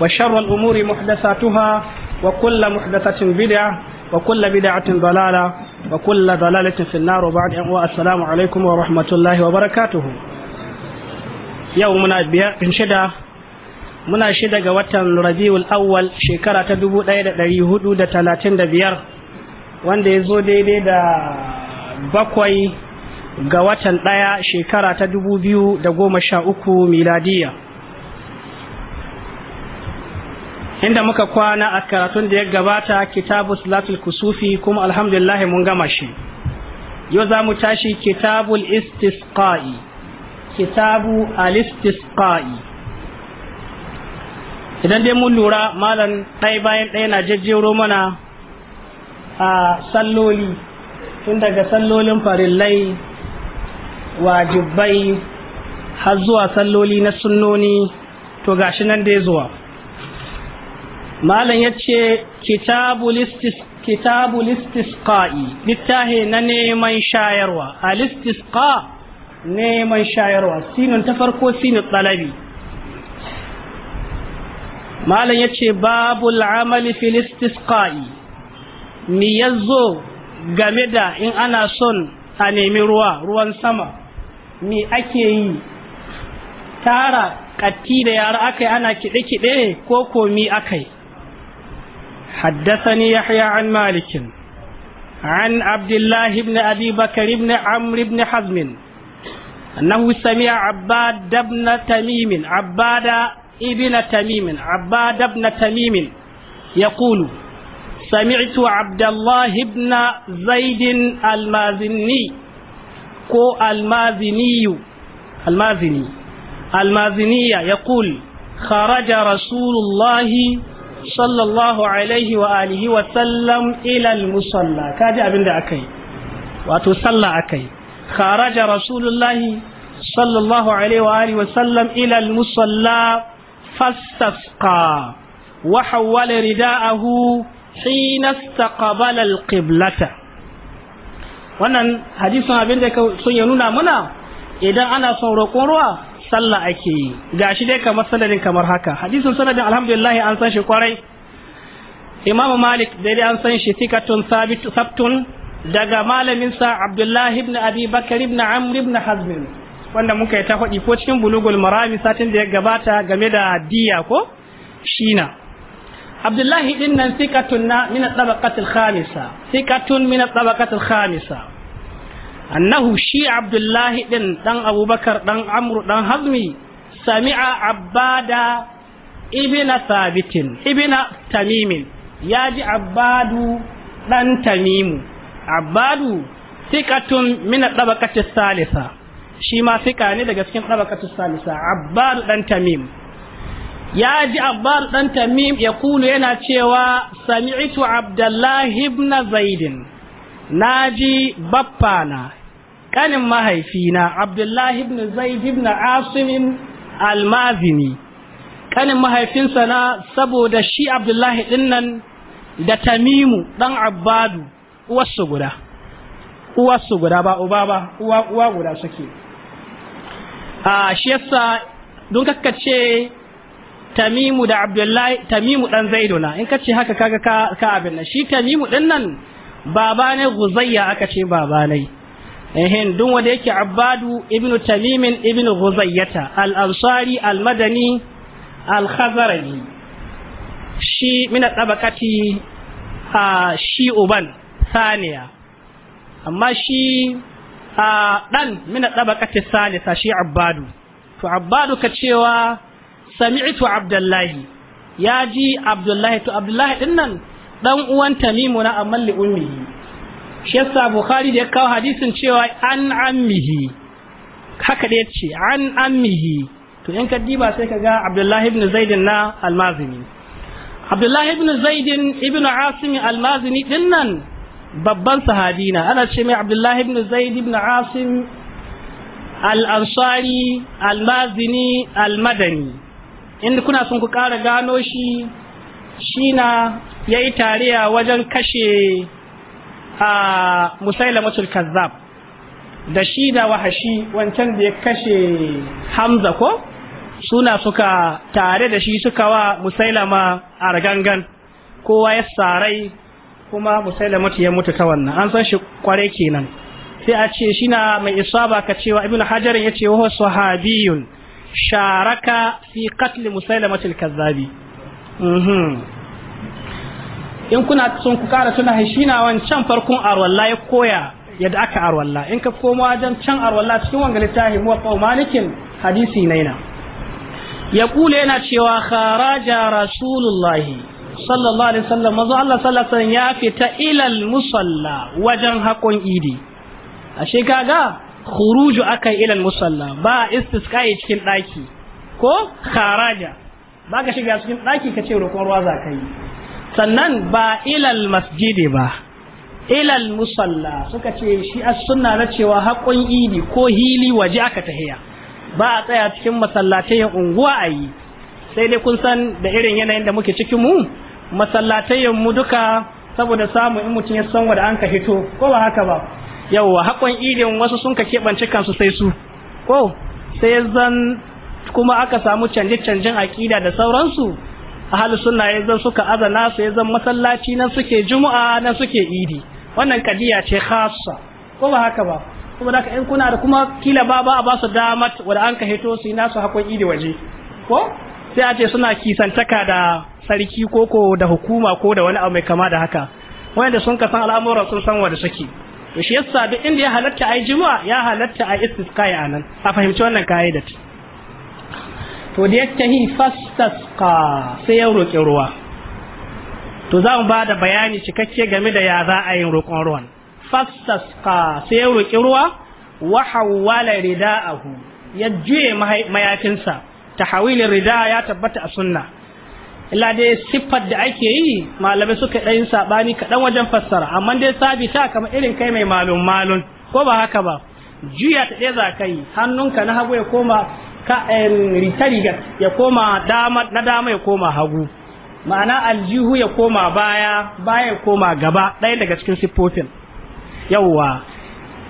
وشر الأمور محدثاتها وكل محدثة بدعة وكل بدعة ضلالة وكل ضلالة في النار وبعد السلام عليكم ورحمة الله وبركاته يومنا بيان شدة muna shida ga watan rabiul awwal shekara ta dubu ɗaya da ɗari hudu da talatin da biyar wanda ya zo daidai da bakwai ga watan ɗaya shekara ta dubu biyu da goma sha uku miladiya inda muka kwana a karatun da ya gabata kitabu salatul kusufi kuma alhamdulillah mun gama shi yau za mu tashi kitabul istisqa'i kitabu alistisqa'i idan dai mun lura malam ɗaya bayan ɗaya na jejjero mana a salloli tun daga sallolin farillai wajibai har zuwa salloli na sunnoni to gashi nan dai zuwa malam ya ce kitabu listisqa'i littahi na neman shayarwa a listisqa neman shayarwa sinin ta farko sinin tsalabi malam ya ce babu al'amali fil istisqa'i mi yazo game da in ana son a nemi ruwa ruwan sama mi ake yi tara katti da yara aka yi ana kiɗe-kiɗe ko komi aka yi حدثني يحيى عن مالك عن عبد الله بن أبي بكر بن عمرو بن حزم أنه سمع عباد بن تميم عباد ابن تميم عباد بن تميم يقول سمعت عبد الله بن زيد المازني كو المازني المازني المازنية يقول خرج رسول الله sallallahu alaihi wa alihi wa sallam ila al wato sallah akai kharaja rasulullahi sallallahu alaihi wa alihi wa sallam ilal musalla fastasqa wa hawwala rida'ahu hina istaqbala al-qiblata wannan hadisin abinda sun ya nuna mana, idan ana son roƙon ruwa sallah ake yi shi dai kamar sanadin kamar haka hadisin sanadin alhamdulillah an san shi kwarai imam malik dai an san shi sikatun sabtun daga malamin sa abdullahi ibn abi bakar ibn amr ibn hazm wanda muka yi ta faɗi ko cikin bulugul marami satin da ya gabata game da diya ko shina abdullahi din nan sikatun na min at-tabaqatil khamisa sikatun min tabaqatil khamisa annahu shi abdullahi ɗin ɗan abubakar ɗan amru ɗan hazmi sami'a abbada ibna sabitin ibna tamimin ya ji abbadu dan tamimu abbadu sikatun min dabaqati salisa shi ma sika ne daga cikin dabaqati salisa abbadu dan tamim ya ji abbadu ɗan tamim ya kulu yana cewa sami'tu abdullahi ibn zaidin na ji baffana kanin mahaifina abdullahi ibn zaid ibn asimin almazini kanin mahaifinsa na saboda shi abdullahi dinnan da tamimu dan abbadu uwarsu guda uwarsu guda ba uba ba uwa uwa guda suke a shi yasa don kakkace tamimu da abdullahi tamimu dan zaiduna in kace haka kaga ka ka abin nan shi tamimu din nan baba ne guzayya aka ce baba ne ehin duk wanda yake abbadu ibnu tamimin ibnu guzayyata al-ansari al-madani al-khazraji shi mina tabakati a shi uban saniya amma shi a dan mina tabakati salisa shi abbadu to abbadu ka cewa sami'tu abdullahi ya ji abdullahi to abdullahi dinnan. dan uwan tamimu na amman li ummihi shi yasa bukhari da ya kawo hadisin cewa an ammihi haka da yace an ammihi to in ka diba sai ka ga abdullahi ibn zaid na almazini abdullahi ibn zaid ibn asim almazini din nan babban sahabi na ana ce mai abdullahi ibn zaid ibn asim al-ansari almazini almadani inda kuna son ku kara gano shi shi na. ya yi tariya wajen kashe a masul kazzab da shi da wahashi wancan da ya kashe hamza ko suna suka tare da shi suka wa musailama a ragangan kowa ya sarai kuma musailamatu ya mutu ta wannan an san shi kware kenan sai a ce shi na mai isaba ka cewa ibn hajarin ya ce wa sahabiyun sharaka fi qatl masul kazzabi mhm. in kuna son ku kara tuna shi na wancan farkon arwalla ya koya yadda aka arwalla in ka koma wajen can arwalla cikin wanga littafi muwaffaq malikin hadisi naina ya kula yana cewa kharaja rasulullahi sallallahu alaihi wasallam manzo Allah sallallahu alaihi ya fita ilal musalla wajen haƙon idi ashe kaga khuruju yi ilal musalla ba istisqai cikin daki ko kharaja ba ka shiga cikin ɗaki ka ce roƙon ruwa za ka yi sannan ba ilal masjidi ba ilal musalla suka ce shi as sunna na cewa haƙon idi ko hili waje aka tahiya ba a tsaya cikin masallatai unguwa a yi sai dai kun san da irin yanayin da muke cikin mu masallatai mu duka saboda samun in mutum ya san da an ka hito ko ba haka ba yawwa haƙon idin wasu sun ka keɓance kansu sai su ko sai zan kuma aka samu canje-canjen aƙida da sauransu ahlus sunna yanzu suka nasu ya zan masallaci nan suke juma'a nan suke idi wannan kadiya ce khassa ko ba haka ba kuma da in kuna da kuma kila ba ba a ba su damat wanda an ka hito su nasu hakon idi waje ko sai a ce suna kisantaka da sarki ko ko da hukuma ko da wani abu mai kama da haka wanda sun ka san al'amuran sun san wanda suke to shi yasa duk inda ya halatta ai juma'a ya halatta ai istisqa'i anan a fahimci wannan kaidat to da yake tahi fastasqa sai ya roki ruwa to za mu ba da bayani cikakke game da ya za a yin roƙon ruwan fastasqa sai ya roki ruwa wa hawwala rida'ahu ya juye mayafinsa tahawilin rida ya tabbata a sunna illa dai siffar da ake yi malamai suka ɗan saɓani kaɗan wajen fassara amma dai sabita kamar irin kai mai malun malun ko ba haka ba juya ta ɗaya za ka yi hannunka na hagu ya koma ka rigar ya koma dama na dama ya koma hagu ma'ana aljihu ya koma baya baya ya koma gaba ɗaya daga cikin siffofin yawwa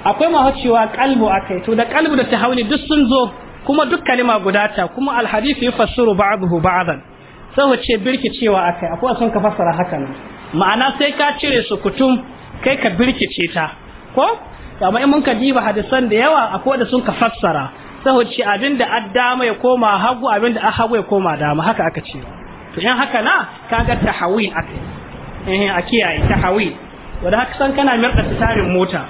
akwai ma cewa kalbu akai to da kalbu da tahawuni duk sun zo kuma duk kalima guda ta kuma alhadisi yufassiru ba'dahu ba'dan sai wace birki cewa akai akwai sun ka fassara haka nan ma'ana sai ka cire su kutum kai ka birkice ta ko amma in mun ka diba hadisan da yawa akwai da sun ka fassara sahud shi abinda addama ya koma hagu abinda a hagu ya koma dama haka aka ce to in haka na kaga tahawil aka eh a kiyaye tahawil wanda haka san kana mirda tarin mota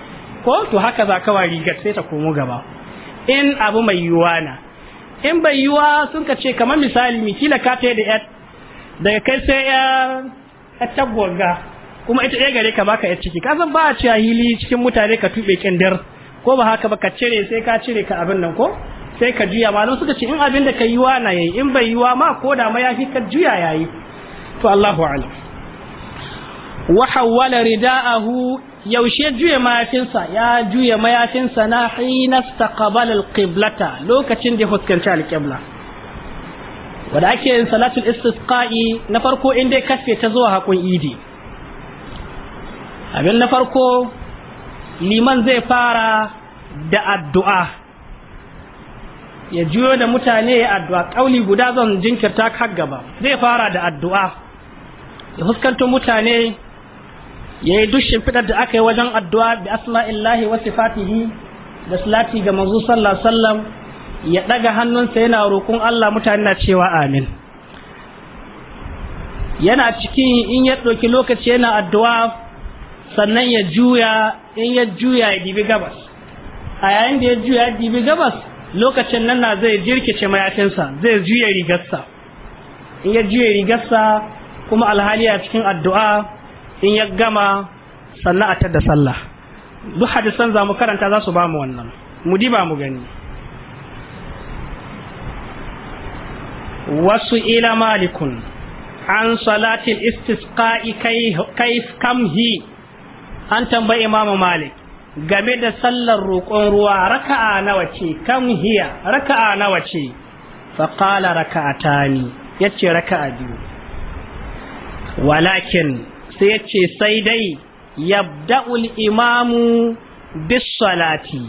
ko to haka za ka wari rigar sai ta komo gaba in abu mai yiwuwa na in bai yiwuwa sun ka ce kamar misali mi kila ka ta da daga kai sai ya tagwaga kuma ita ɗaya gare ka baka yar ciki ka san ba a hili cikin mutane ka tuɓe kindar ko ba haka ba ka cire sai ka cire ka abin nan ko sai ka juya malam suka ce in abin da ka yi wa na yayi in bai yi wa ma ko da ma yafi ka juya yayi to Allahu a'lam wa hawwala rida'ahu yaushe juya mayafinsa ya juya mayafinsa na hina istaqbala alqiblata lokacin da fuskanci alqibla wanda ake yin salatul istisqa'i na farko in dai kafe ta zuwa hakun idi abin na farko liman zai fara da addu'a ya juyo da mutane ya addu'a ƙauli guda zan jinkirta har gaba zai fara da addu'a ya fuskanto mutane ya yi dushin fitar da aka yi wajen addu'a bi asma'illahi wasu fatihi da salati ga mazu Sallasallam, ya ɗaga hannunsa yana roƙon Allah mutane na cewa amin yana ciki in ya ɗauki lokaci yana addu'a sannan ya juya in ya juya ya dibi gabas a yayin da ya juya ya dibi gabas lokacin nan na zai jirkice mayafinsa zai juya rigarsa in ya juya rigarsa kuma alhali a cikin addu'a in ya gama sannan a tada sallah duk hadisan za mu karanta za su ba mu wannan mu diba mu gani wasu ila malikun an salatil istisqa'i kai kam an tambayi imamu malik game da sallar roƙon ruwa raka'a nawa ce kam hiya raka'a nawa ce fa qala raka'atani yace raka'a biyu walakin sai yace sai dai yabda'ul imamu bis salati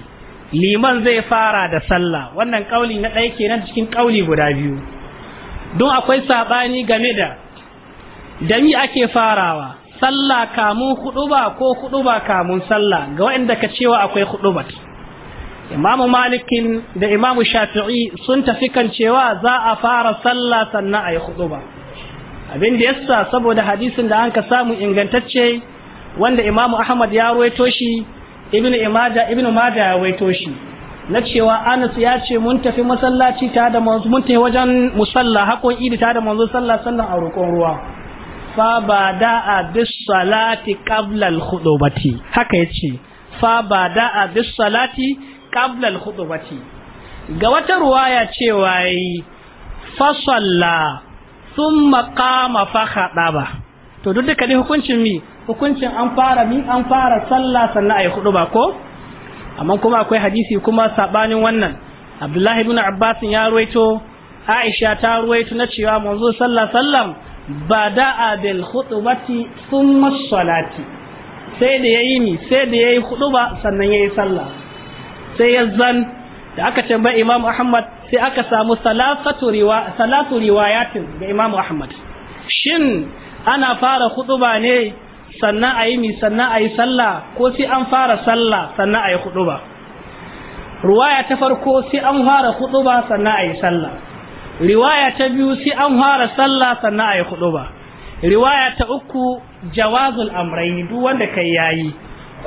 liman zai fara da sallah wannan ƙauli na ɗaya kenan cikin ƙauli guda biyu don akwai saɓani game da da mi ake farawa sallah kamun ba ko ba kamun sallah ga waɗanda ka cewa akwai ba imamu malikin da imamu shafi'i sun tafi kan cewa za a fara sallah sannan a yi ba abin da yasa saboda hadisin da anka ka samu ingantacce wanda imamu ahmad ya ruwaito shi ibnu imada ibnu mada ya ruwaito shi na cewa anas ya ce mun tafi masallaci ta da mun tafi wajen musalla hakon idi ta da manzo sallah sallan a roƙon ruwa fa da bis salati qabla al khutubati haka yace fa da bis salati qabla al khutubati ga wata ruwaya cewa yi fa salla thumma qama fa khadaba to duk duka ne hukuncin mi hukuncin an fara mi an fara sallah sannan ayi ba ko amma kuma akwai hadisi kuma sabanin wannan Abdullahi ibn Abbas ya ruwaito Aisha ta ruwaito na cewa manzo sallallahu alaihi wasallam bada'a bil khutbati thumma salati sai da yayi ni sai da yayi khutba sannan yayi sallah sai ya zan da aka ce ba imam ahmad sai aka samu salatu riwa salatu riwayatin ga imam ahmad shin ana fara khutba ne sannan ayi mi sannan ayi sallah ko sai an fara sallah sannan ayi khutba ruwaya ta farko sai an fara khutba sannan ayi sallah riwaya ta biyu sai an fara sallah sannan ayi hudu ba riwaya ta uku jawazul amrayn duk wanda kai yayi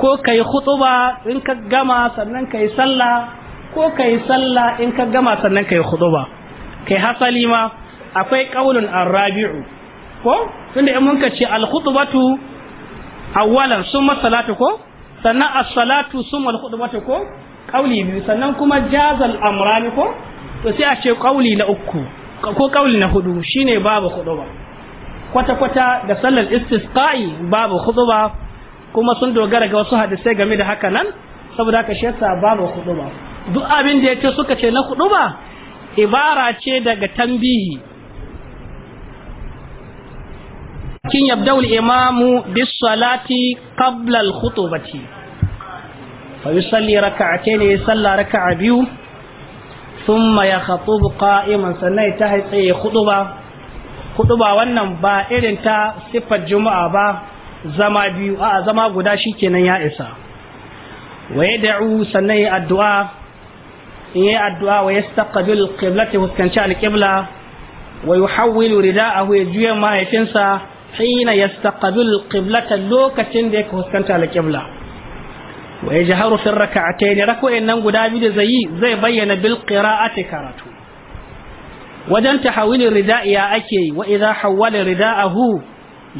ko kai ba in ka gama sannan kai sallah ko kai sallah in ka gama sannan kai ba kai hasali ma akwai qaulun arabi'u ko tunda in mun ka ce al khutbatu awwalan summa salatu ko sannan as-salatu summa al khutbatu ko qauli biyu sannan kuma jazal amrani ko to sai a ce kauli na uku ko kauli na hudu shine babu khutba kwata-kwata da sallar istisqa'i babu khutba kuma sun dogara ga wasu hadisai game da haka nan saboda haka shi yasa babu khutba duk abin da yace suka ce na khutba ibara ce daga tambihi kin yabdaul imam'u imamu bis-salati qabla al-khutbati fa yusalli rak'atayn salla rak'a biyu thumma ya khatubu qa'iman sannan ta haitsaye khutuba ba wannan ba irin ta siffar juma'a ba zama biyu a zama guda shi kenan ya isa wa yad'u sannan ya addu'a in ya addu'a wa yastaqbilu qiblati huskanci al-qibla wa rida a huye juya mahaifinsa hina yastaqbilu qiblata lokacin da yake huskanta alƙibla. wa yajharu fi rak'atayn rak'o'in nan guda biyu da zai zai bayyana bil qira'ati karatu wajen ta tahawil rida'iya ake wa idha hawwala rida'ahu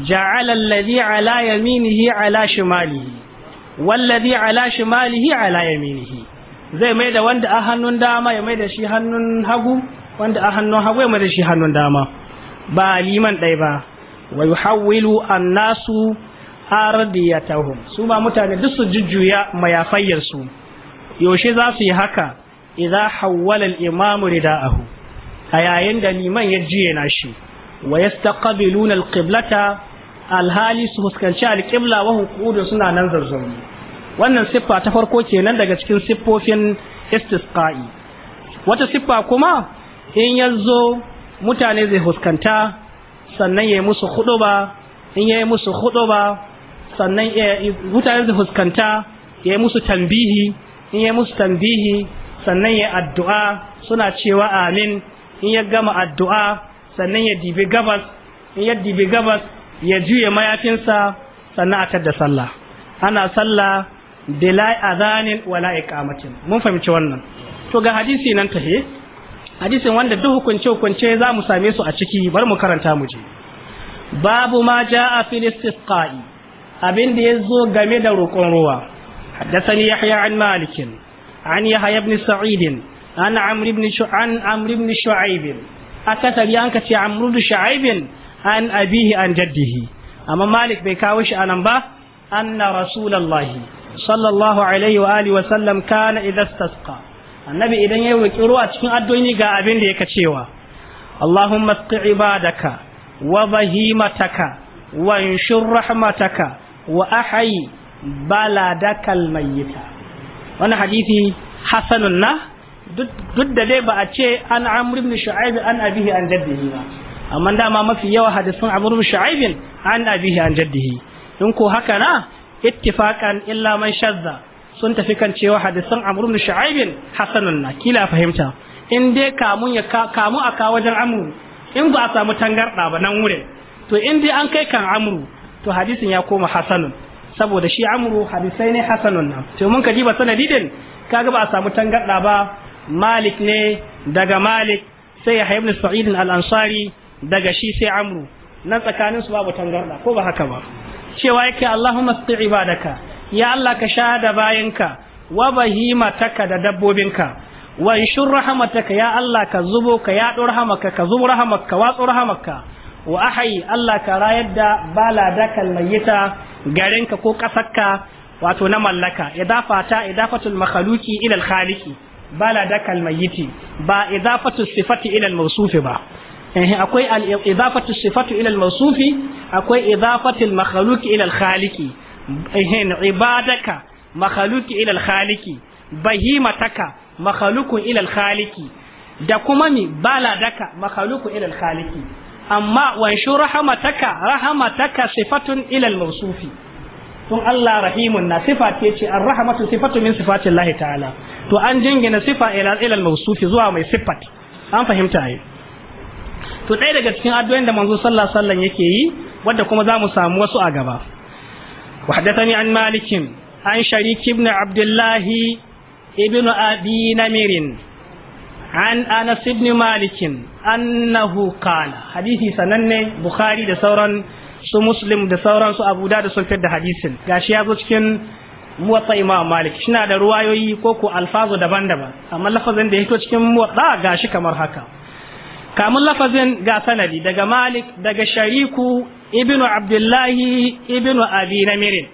ja'ala alladhi ala yaminihi ala shimalihi walladhi ala shimalihi ala yaminihi zai mai da wanda a hannun dama ya mai da shi hannun hagu wanda a hannun hagu ya mai da shi hannun dama ba liman ɗaya ba wa yuhawwilu annasu ardiyatahum su ma mutane duk su jujjuya mayafayyar su yaushe za su yi haka idza hawwala al-imamu rida'ahu a yayin da liman ya jiye na shi wa yastaqbiluna al-qiblata alhali su fuskanci al-qibla wa hukudu suna nan zarzauni wannan siffa ta farko kenan daga cikin siffofin istisqa'i wata siffa kuma in yazo mutane zai fuskanta sannan ya musu hudu ba in yayi musu hudu ba sannan mutane su fuskanta ya yi musu tambihi in ya musu tambihi sannan ya addu'a suna cewa amin in ya gama addu'a sannan ya dibi gabas in ya dibi gabas ya juya mayafinsa sannan a tadda sallah ana sallah bila azanin wala iqamatin mun fahimci wannan to ga hadisi nan tahe hadisin wanda duk hukunce hukunce za mu same su a ciki bar mu karanta mu je babu ma jaa fil istisqa'i Abinda ya zo game da roƙon ruwa haddathani yahya an malik an yahya ibn sa'id an amr ibn an amr ibn an kace amr ibn an abihi an jaddihi amma malik bai kawo shi anan ba anna rasulullahi sallallahu alaihi wa wa sallam kana idza istasqa annabi idan ya roƙi ruwa cikin addu'o'i ga abin da yake cewa allahumma isqi ibadaka wa bahimataka وانشر رحمتك wa ahayi baladakal mayyita wannan hadisi hasanun na duk da dai ba a ce an Amurin da shu'aib an abihi an jaddihi ba amma dama mafi yawa hadisin Amurin ibn an abihi an jaddihi in ko haka na ittifaqan illa man shazza sun tafi kan cewa hadisin Amurin ibn shu'aib hasanun na kila fahimta in dai kamun ya kamu aka wajen amru in ba a samu tangarda ba nan wurin to in dai an kai kan amru to hadisin ya koma hasanun saboda shi amru hadisai ne hasanun nan to mun ka jiba sanadi din kaga ba a samu tangarda ba malik ne daga malik sai ya ibn sa'id al-ansari daga shi sai amru na tsakanin su babu tangarda ko ba haka ba cewa yake allahumma sti ibadaka ya allah ka shahada bayanka wa bahimataka da dabbobinka wa inshur rahamataka ya Allah ka zubo ka yaɗo rahamaka ka zubo rahamaka ka rahamaka wa ahayi Allah ka rayar da baladakal mayyita garinka ko kasarka wato na mallaka idafata, ta idafatul makhluqi ila al khaliqi baladakal mayyiti ba idafatu sifati ila al mawsufi ba eh akwai al idafatu sifati ila al mawsufi akwai idafatul makhluqi ila al khaliqi eh ibadaka makhluqi ila al khaliqi bahimataka makhluqun ila al khaliqi da kuma bala daka makhluqu ila al khaliqi amma wanshu rahamataka rahamataka sifatun ila al-mawsufi tun Allah rahimun na sifa ce ce ar-rahmatu sifatu min sifatin Allah ta'ala to an jingina sifa ilal ila mawsufi zuwa mai sifat an fahimta ai to ɗaya daga cikin addu'o'in da manzo sallallahu alaihi wasallam yake yi wanda kuma zamu samu wasu a gaba وحدثني an malikin an شريك بن Abdullahi Ibn ابن أبي an anas ibn malik annahu qala hadisi sananne bukhari da sauran su muslim da sauran su abu da sun fitar da hadisin gashi ya zo cikin muwatta imam malik shina da ruwayoyi ko ko alfazo daban-daban amma lafazin da ya fito cikin muwatta gashi kamar haka kamun lafazin ga sanadi daga malik daga shariku Ibinu abdullahi Ibinu abi namirin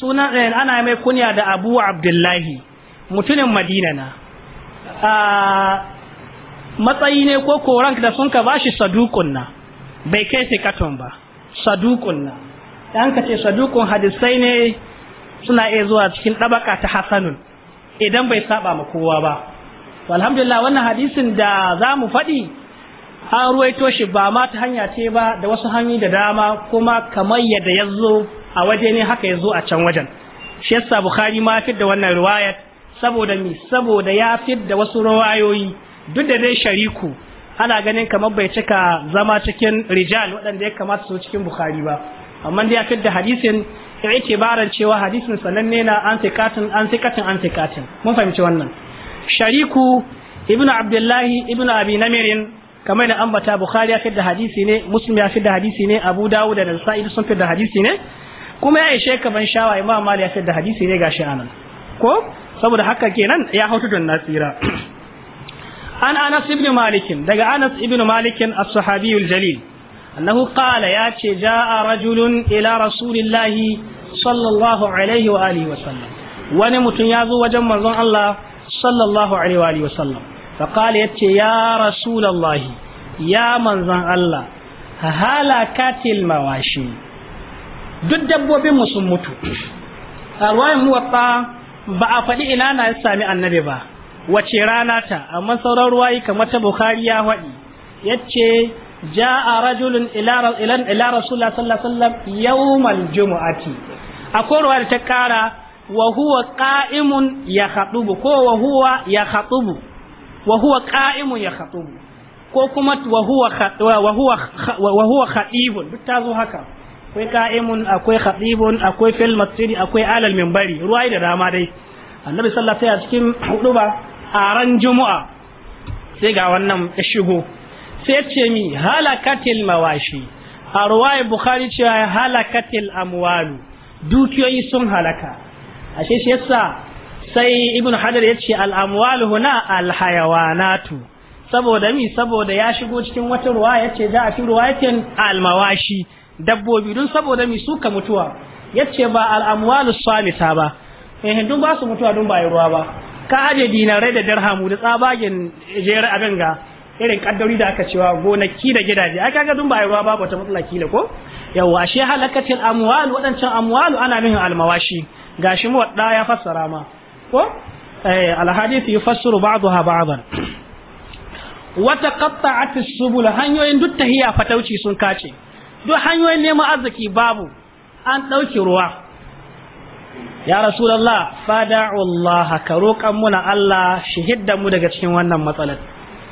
sunan ana mai kunya da abu abdullahi mutumin madinana. matsayi ne ko koran da sun ka bashi sadukun na bai kai katon ba sadukun na dan ka ce sadukun hadisai ne suna iya zuwa cikin ɗabaka ta hasanun idan bai saba ma kowa ba to alhamdulillah wannan hadisin da za mu faɗi an ruwaito shi ba ma ta hanya ce ba da wasu hanyoyi da dama kuma kamar yadda ya zo a waje ne haka ya zo a can wajen shi yasa bukhari ma fi da wannan riwayat saboda mi saboda ya fidda wasu rawayoyi duk da dai shariku ana ganin kamar bai cika zama cikin rijal waɗanda ya kamata su cikin bukhari ba amma dai ya fidda hadisin itibaran cewa hadisin sananne na an sikatin an mun fahimci wannan shariku ibn abdullahi ibn abi namirin kamar da ambata bukhari ya fidda hadisi ne muslim ya fidda hadisi ne abu dawud da sa'id sun fidda hadisi ne kuma ya ishe ka shawa imam mali ya fidda hadisi ne gashi anan ko saboda haka kenan ya hauta don nasira an anas ibn malik daga anas ibn Malikin as-sahabi jalil annahu qala ya ce jaa rajulun ila rasulillahi sallallahu wani mutum ya zo wajen manzon Allah sallallahu alaihi wa alihi ya ce ya rasulullahi ya manzon Allah halakatil mawashi duk dabbobin mu sun mutu a ruwayan muwatta ba a faɗi ina na ya sami annabi ba wace rana ta amma sauran ruwayi kamar ta bukhari ya faɗi yace ja'a rajulun ila ila ila rasulullah sallallahu alaihi wasallam yawmal jumu'ati akwai ruwaya ta kara wa huwa qa'imun ya khatubu ko wa huwa ya khatubu wa huwa qa'imun ya khatubu ko kuma wa huwa wa huwa wa huwa khatibun duk ta zo haka akwai ka'imun akwai khatibun akwai fil masjidi akwai alal minbari ruwa da dama dai annabi sallallahu alaihi wasallam cikin huduba a ran juma'a sai ga wannan ya shigo sai ce mi halakatil mawashi a ruwaya bukhari ce halakatil amwalu dukiyoyi sun halaka ashe shi yasa sai ibnu hajar ya ce al amwalu huna al hayawanatu saboda mi saboda ya shigo cikin wata ya ce za a fi ruwayatin al mawashi dabbobi don saboda mai suka mutuwa ya ce ba al'amwalu salisa ba eh dun ba su mutuwa dun ba ruwa ba ka aje dinarai da darhamu da tsabagen jere abin ga irin kaddari da aka cewa gonaki da gidaje aka ga dun ba ruwa ba ba ta matsala kila ko yawa shi halakacin amuwalu waɗancan amuwalu ana min almawashi gashi mu wadda ya fassara ma ko eh, alhadith yufassiru ba'daha ba'dan wata qatta'at as-subul hanyoyin duk tahiya fatauci sun kace duk hanyoyin neman arziki babu an ɗauki ruwa ya rasulallah fada'ullah ka roƙan muna Allah shi hidda mu daga cikin wannan matsalar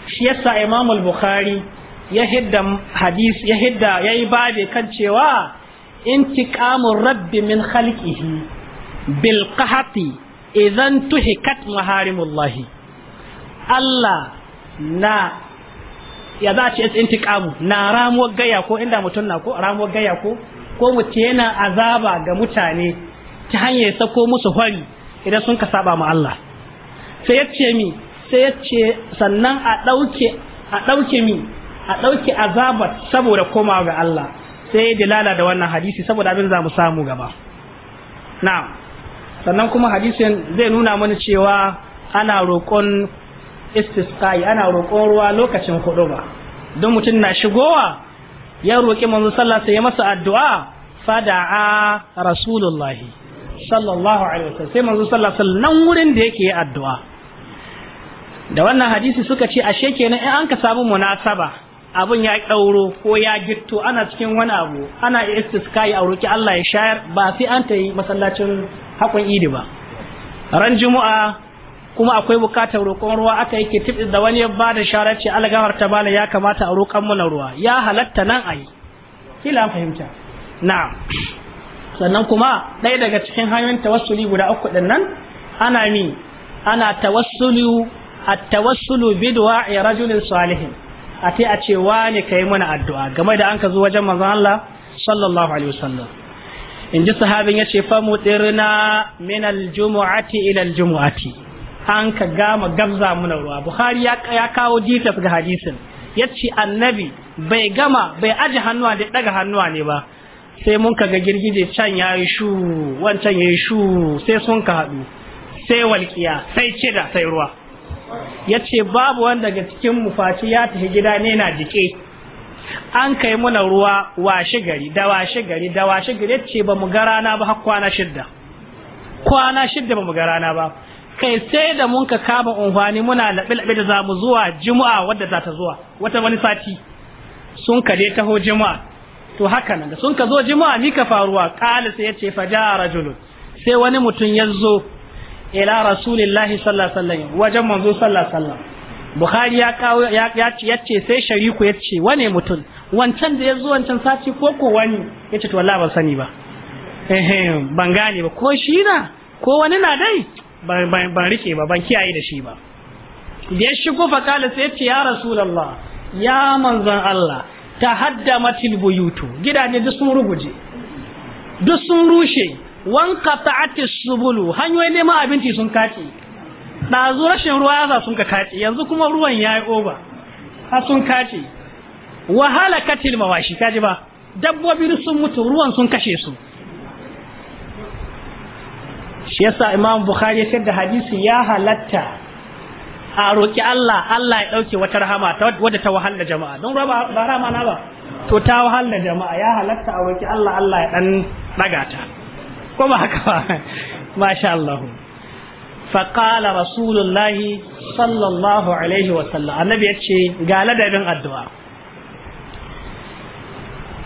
shi yasa imam al-bukhari ya hidda hadis ya hidda yayi babe kan cewa intiqamur rabbi min khalqihi bil qahati idan tuhikat maharimullah Allah na ya za a ce intiqamu na ramuwar gaya ko inda mutum na ko ramuwar gaya ko ko mutum yana azaba ga mutane ta hanyar sako musu hori idan sun ka saba ma Allah sai ya ce mi sai ya ce sannan a ɗauke a mi a ɗauke azaba saboda koma ga Allah sai ya dilala da wannan hadisi saboda abin za mu samu gaba na'am sannan kuma hadisin zai nuna mana cewa ana roƙon istisqai ana roƙon ruwa lokacin huduba don mutum na shigowa ya roƙi manzo sallallahu alaihi masa addu'a fada'a rasulullahi sallallahu alaihi wasallam sai manzo sallallahu alaihi wasallam nan wurin da yake addu'a da wannan hadisi suka ce ashe kenan in an ka samu munasaba abun ya kauro ko ya gitto ana cikin wani abu ana istisqai a roki Allah ya shayar ba sai an ta yi masallacin hakon idi ba ran juma'a kuma akwai bukatar roƙon ruwa aka yi kitib da wani ya ba da sharar ce ta bala ya kamata a roƙon mana ruwa ya halatta nan a yi kila fahimta na'am sannan kuma ɗaya daga cikin hanyoyin tawassuli guda uku ɗin nan ana mi ana tawassulu at-tawassulu bi du'a rajulin salihin a ce a ce wani kai mana addu'a game da an ka zo wajen manzon Allah sallallahu alaihi wasallam in ji sahabin ya ce famu famutirna min aljumu'ati ila aljumu'ati an ka gama gabza muna ruwa buhari ya kawo details ga hadisin ya ce annabi bai gama bai aji hannuwa da daga hannuwa ne ba sai mun ka ga girgije can ya yi shu wancan ya yi shu sai sun ka haɗu sai walƙiya sai cida sai ruwa ya ce babu wanda daga cikin mufaci ya tafi gida ne na jike an kai muna ruwa washe gari da washe gari da washe gari Ya ce ba mu ga rana ba har kwana shidda kwana shidda ba mu ga rana ba kai sai da mun ka kama unhwani muna laɓe-laɓe da za mu zuwa juma'a wadda za ta zuwa wata wani sati sun ka dai taho juma'a to haka nan da sun ka zo juma'a ni ka faruwa qala sai ce fa jaa rajulun sai wani mutum ya zo ila rasulillahi sallallahu alaihi wasallam wajen manzo sallallahu alaihi wasallam bukhari ya kawo ya ce sai shariku yace wane mutum wancan da ya zo wancan sati ko ko wani ce to wallahi ban sani ba ban gane ba ko shi na ko wani na dai ban rike ba ban kiyaye da shi ba da ya shigo fakala sai ce ya rasulallah ya manzan Allah ta hadda matil buyutu gidaje duk sun ruguje duk sun rushe wanka qata'ati subulu hanyoyin neman abinci sun kace ɗazu rashin ruwa yasa sun ka kace yanzu kuma ruwan ya yi oba sun kace wahala halakatil mawashi kaji ba dabbobi sun mutu ruwan sun kashe su shi yasa imam bukhari ya da hadisi ya halatta a roƙi Allah Allah ya ɗauke wata rahama wadda ta wahala jama'a don ba rahama na ba to ta wahala jama'a ya halatta a roƙi Allah Allah ya ɗan daga ta ko ba haka ba masha Allah فقال رسول الله صلى الله عليه وسلم النبي يتشي قال لدى addu'a.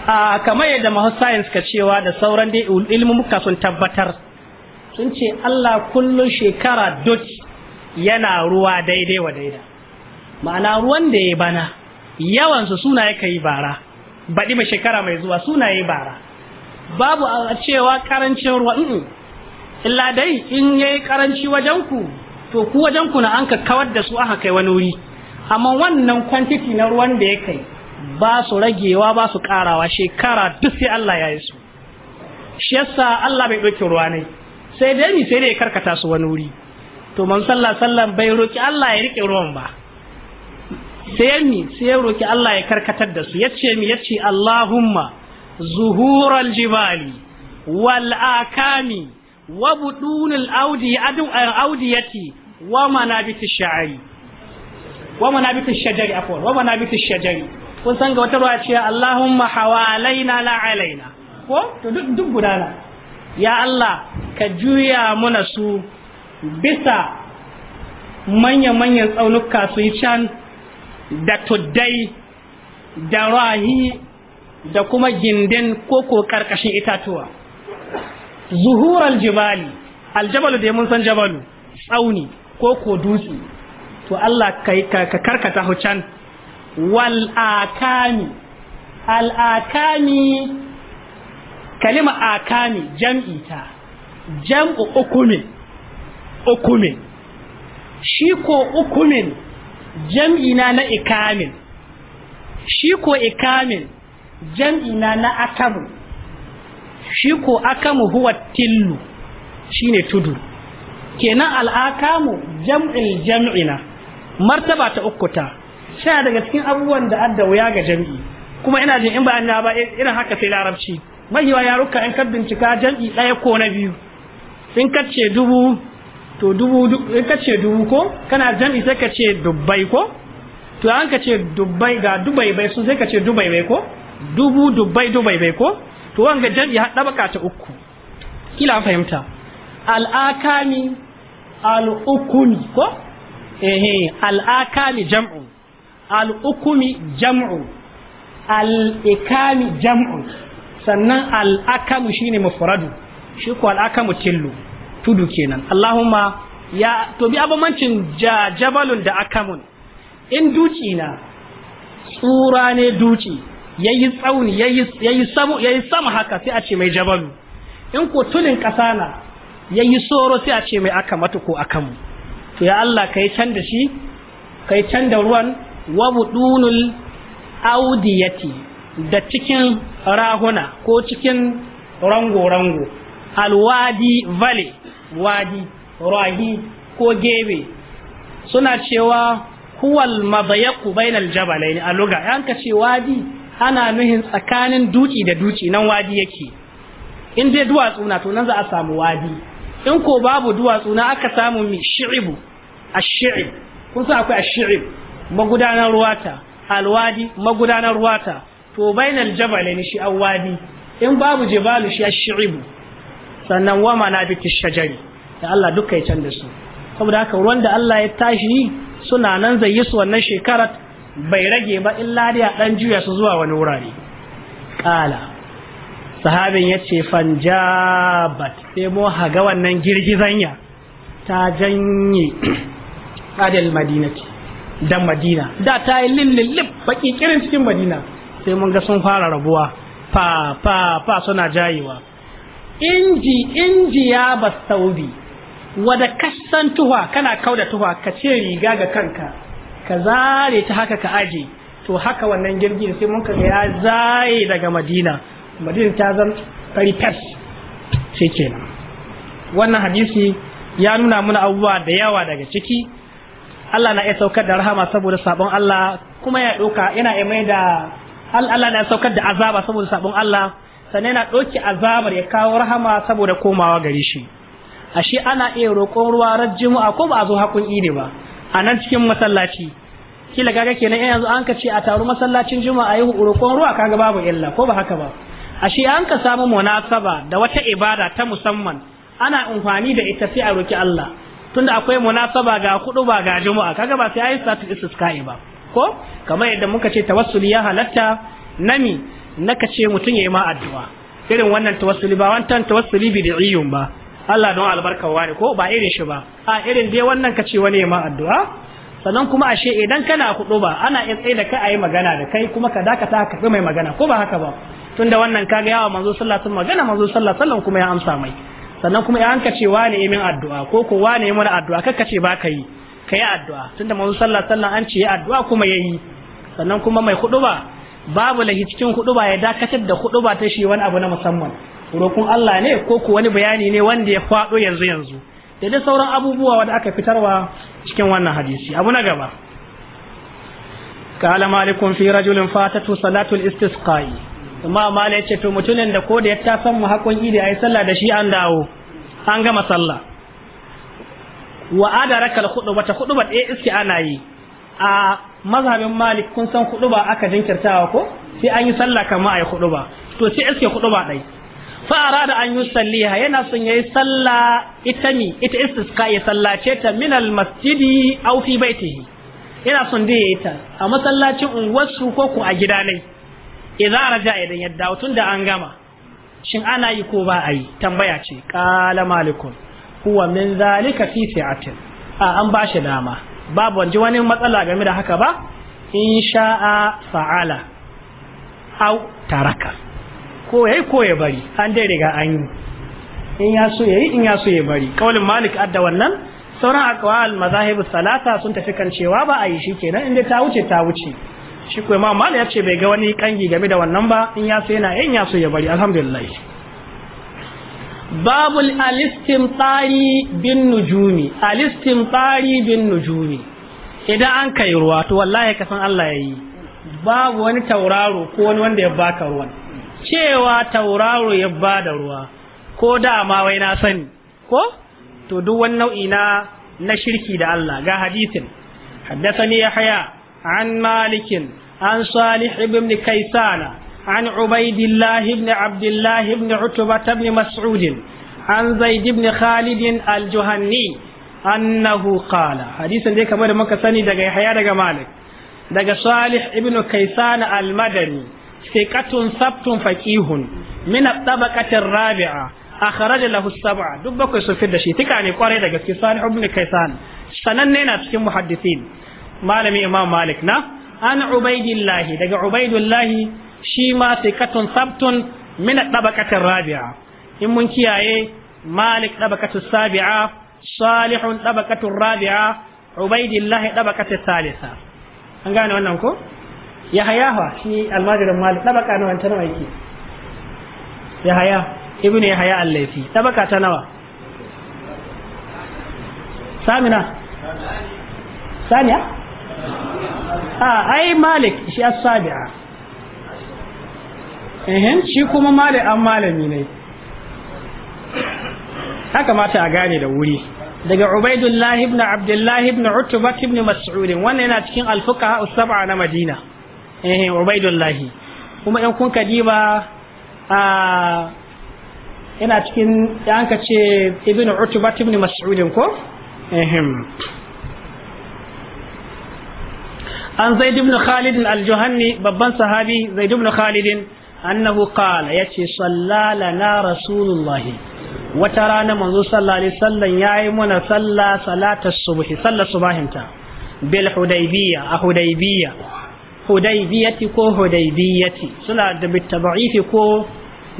a kamar yadda mahu science ka cewa da sauran dai ilmumuka sun tabbatar sun ce Allah kullum shekara duk yana ruwa daidai wa daida ma'ana ruwan da ya bana yawansu suna yaka yi bara baɗi mai shekara mai zuwa suna yi bara babu a cewa karancin ruwa in illa dai in ya yi ƙaranci wajenku to ku wajenku na an ka kawar da su aka kai wani wuri amma wannan kwantiti na ruwan da ya kai ba su ragewa ba su karawa shekara duk sai Allah ya yi su shi yasa Allah bai ɗauke ruwa ne sai dai mi sai dai ya karkata su wani wuri to man sallah sallan bai roki Allah ya rike ruwan ba sai mi sai ya roki Allah ya karkatar da su yace mi yace Allahumma zuhural jibali wal akami wa budunul audi adu audiyati wa manabitish sha'ari wa manabitish shajari afwan wa manabitish shajari kun san ga wata ruwa ce Allahumma hawalaina la alaina ko to duk duk gudana ya Allah ka juya muna su bisa manya-manyan tsaunuka su yi can da tuddai da rahi da kuma gindin koko karkashin itatuwa zuhurar jibali aljabalu da mun san jabalu tsauni koko dutse to Allah ka karkata hucan wal'akami al'akami kalima akami jam'i ta jam'u ukumin ukumin shi ko ukumin jam'i na na ikamin shi ko ikamin jam'i na na akamu shi ko akamu huwa tillu shine tudu kenan al'akamu jam'il jam'ina martaba ta ukuta shi daga cikin abubuwan da adda wuya ga jam'i kuma ina jin in ba an ba irin haka sai larabci mahiwa yaruka in ka bincika jam'i ɗaya ko na biyu in ka ce dubu to dubu in ka ce dubu ko kana jam'i sai ka ce dubbai ko to an ka ce dubbai ga dubai bai sun sai ka ce dubai bai ko dubu dubbai dubai bai ko to wanga jam'i har ɗabaka ta uku kila fahimta al'akami al'ukumi ko ehe al'akami jam'u al'ukumi jam'u al'ikami jam'u sannan al'akamu shine mafuradu shi ko al'akamu tillu tudu kenan Allahumma ya to bi abamancin jabalun da akamun in duci na tsura ne duci ya yi tsauni ya yi samu yi sama haka sai a ce mai jabalu in ku tulin kasa na yi tsoro sai a ce mai akamatu ko akamu to ya Allah yi can da shi kai can da ruwan wabu budunul audiyati da cikin rahuna ko cikin rango-rango alwadi vale wadi rahi ko gebe suna cewa huwal mabayaku bainal jabalaini a luga yanka ce wadi ana nuhin tsakanin duki da duki nan wadi yake in dai duwatsu na to za a samu wadi in ko babu duwatsu na aka samu mi shi'ibu a shiib kun san akwai a shiib magudanar ruwata alwadi magudanar ruwata to bainal ni shi awwadi in babu jibalu shi ashibu sannan wa manabiti shajari da Allah duka ya canza su saboda haka ruwan da Allah ya tashi suna nan zai yi su wannan shekarar bai rage ba illa dai a dan juya su zuwa wani wurare kala sahabin ya ce fanjabat sai mu haga wannan girgizanya ta janye adal madinati dan madina da ta yi lillillip baki kirin cikin madina sai mun ga sun fara rabuwa fa fa fa suna jayewa inji inji ya bastaubi wada kasan tuwa kana kauda tuwa ka ce riga ga kanka ka zare ta haka ka aje to haka wannan jirgin sai mun kaga ya zaye daga madina madina ta zan pers sai wannan hadisi ya nuna muna abubuwa da yawa daga ciki Allah na iya saukar da rahama saboda sabon Allah kuma ya ɗauka yana iya mai da Allah na saukar da azaba saboda sabon Allah sannan yana ɗauki azabar ya kawo rahama saboda komawa gari shi ashe ana iya roƙon ruwa ran juma'a ko ba a zo hakun ne ba a nan cikin masallaci kila kaga kenan in yanzu an ka ce a taru masallacin juma'a yi roƙon ruwa kaga babu illa ko ba haka ba ashe an ka samu munasaba da wata ibada ta musamman ana amfani da ita sai a roki Allah tunda akwai munasaba ga kudu ba ga juma'a kaga ba sai ayi satu istisqa'i ba ko kamar yadda muka ce tawassuli ya halatta nami naka ce mutum yayi ma addu'a irin wannan tawassuli ba wantan tawassuli da'iyun ba Allah don albarka wani ko ba irin shi ba a irin dai wannan ka ce wani yayi ma addu'a sannan kuma ashe idan kana kudu ba ana iya tsaye da kai ayi magana da kai kuma ka dakata ka mai magana ko ba haka ba tunda wannan kaga yawa manzo sallallahu alaihi magana manzo sallallahu alaihi kuma ya amsa mai sannan kuma ya ka ce wani yayi min addu'a ko ko wani yayi mana addu'a kakkace ba ka yi ka yi addu'a tunda manzo sallah alaihi an ce yi addu'a kuma ya yi sannan kuma mai huɗuba babu lahi cikin ba ya dakatar da ba ta shi wani abu na musamman roƙon Allah ne ko ku wani bayani ne wanda ya kwado yanzu yanzu da dai sauran abubuwa wanda aka fitarwa cikin wannan hadisi abu na gaba قال مالك في رجل فاتته صلاة الاستسقاء amma mala ya ce to mutumin da ko da ya ta san mu hakon idi ayi sallah da shi an dawo an gama sallah wa adaraka al-khutba wata khutba da iske ana yi a mazhabin malik kun san ba aka jinkirtawa ko sai an yi sallah kamar ayi ba. to sai iske khutba dai fa arada an yi yusalliha yana son yayi sallah ita mi ita iska ya sallace ta min al-masjidi aw fi baitihi yana son da yayi ta a masallacin unguwarsu ko ku a gida ne idan raja idan ya dawo tunda an gama shin ana yi ko ba a yi tambaya ce qala malikun huwa min zalika fi si'atin a an ba shi dama babu wani wani matsala game da haka ba in sha'a fa'ala au taraka ko yayi ko ya bari an dai riga an yi in ya so yayi in ya so ya bari kaulin malik adda wannan sauran aqwal mazahib salata sun tafi kan cewa ba a yi shikenan inda ta wuce ta wuce shi ko imam malik ya ce bai ga wani kangi game da wannan ba in ya so yana in ya so ya bari alhamdulillah Babu alistimtari bin nujumi alistimtari bin nujumi idan an kai ruwa to wallahi ka san Allah yayi babu wani tauraro ko wani wanda ya baka ruwan cewa tauraro ya bada ruwa ko da ma wai na sani ko to duk wani nau'i na na shirki da Allah ga hadisin حدثني يحيى an مالك عن صالح بن كيسان عن عبيد الله بن عبد الله بن عتبة بن مسعود عن زيد بن خالد الجهني أنه قال حديثا ذيك مر مكة سني دقا يحيى دقا مالك دقا صالح ابن كيسان المدني ثقة سبت فقيه من الطبقة الرابعة أخرج له السبعة دبك يسفر دشي ثقة يعني قرية دقا صالح ابن كيسان سنننا في محدثين malami imam malik na an ubaidillahi daga ubaidillahi shi ma sikatun sabtun min dabaqatir rabi'a in mun kiyaye malik dabaqatus sabi'a salihun dabaqatur rabi'a ubaidillah dabaqatus salisa an gane wannan ko yahaya fa shi almajirin malik dabaqa nawa ta nawa yake yahaya ibnu yahaya al dabaqa ta nawa samina saniya a ah, ai malik shi as-sabi'a ehen shi kuma mali an malami ne haka mata a gane da wuri daga Ubaidullah ibn Abdullah ibn Utbah ibn Mas'ud wannan yana cikin al-fuqaha as-sab'a na Madina eh Ubaidullah kuma in kun kadiba a yana cikin da anka ce ibn Utbah ibn Mas'ud ko ehem an Zaid ibn Khalid al-Juhanni babban sahabi Zaid ibn Khalid annahu qala yace sallala na rasulullahi wata rana manzo sallallahu alaihi wasallam yayi muna salla salatar subhi sallar subahinta bil hudaybiya a hudaybiya hudaybiyati ko hudaybiyati suna da bitabaifi ko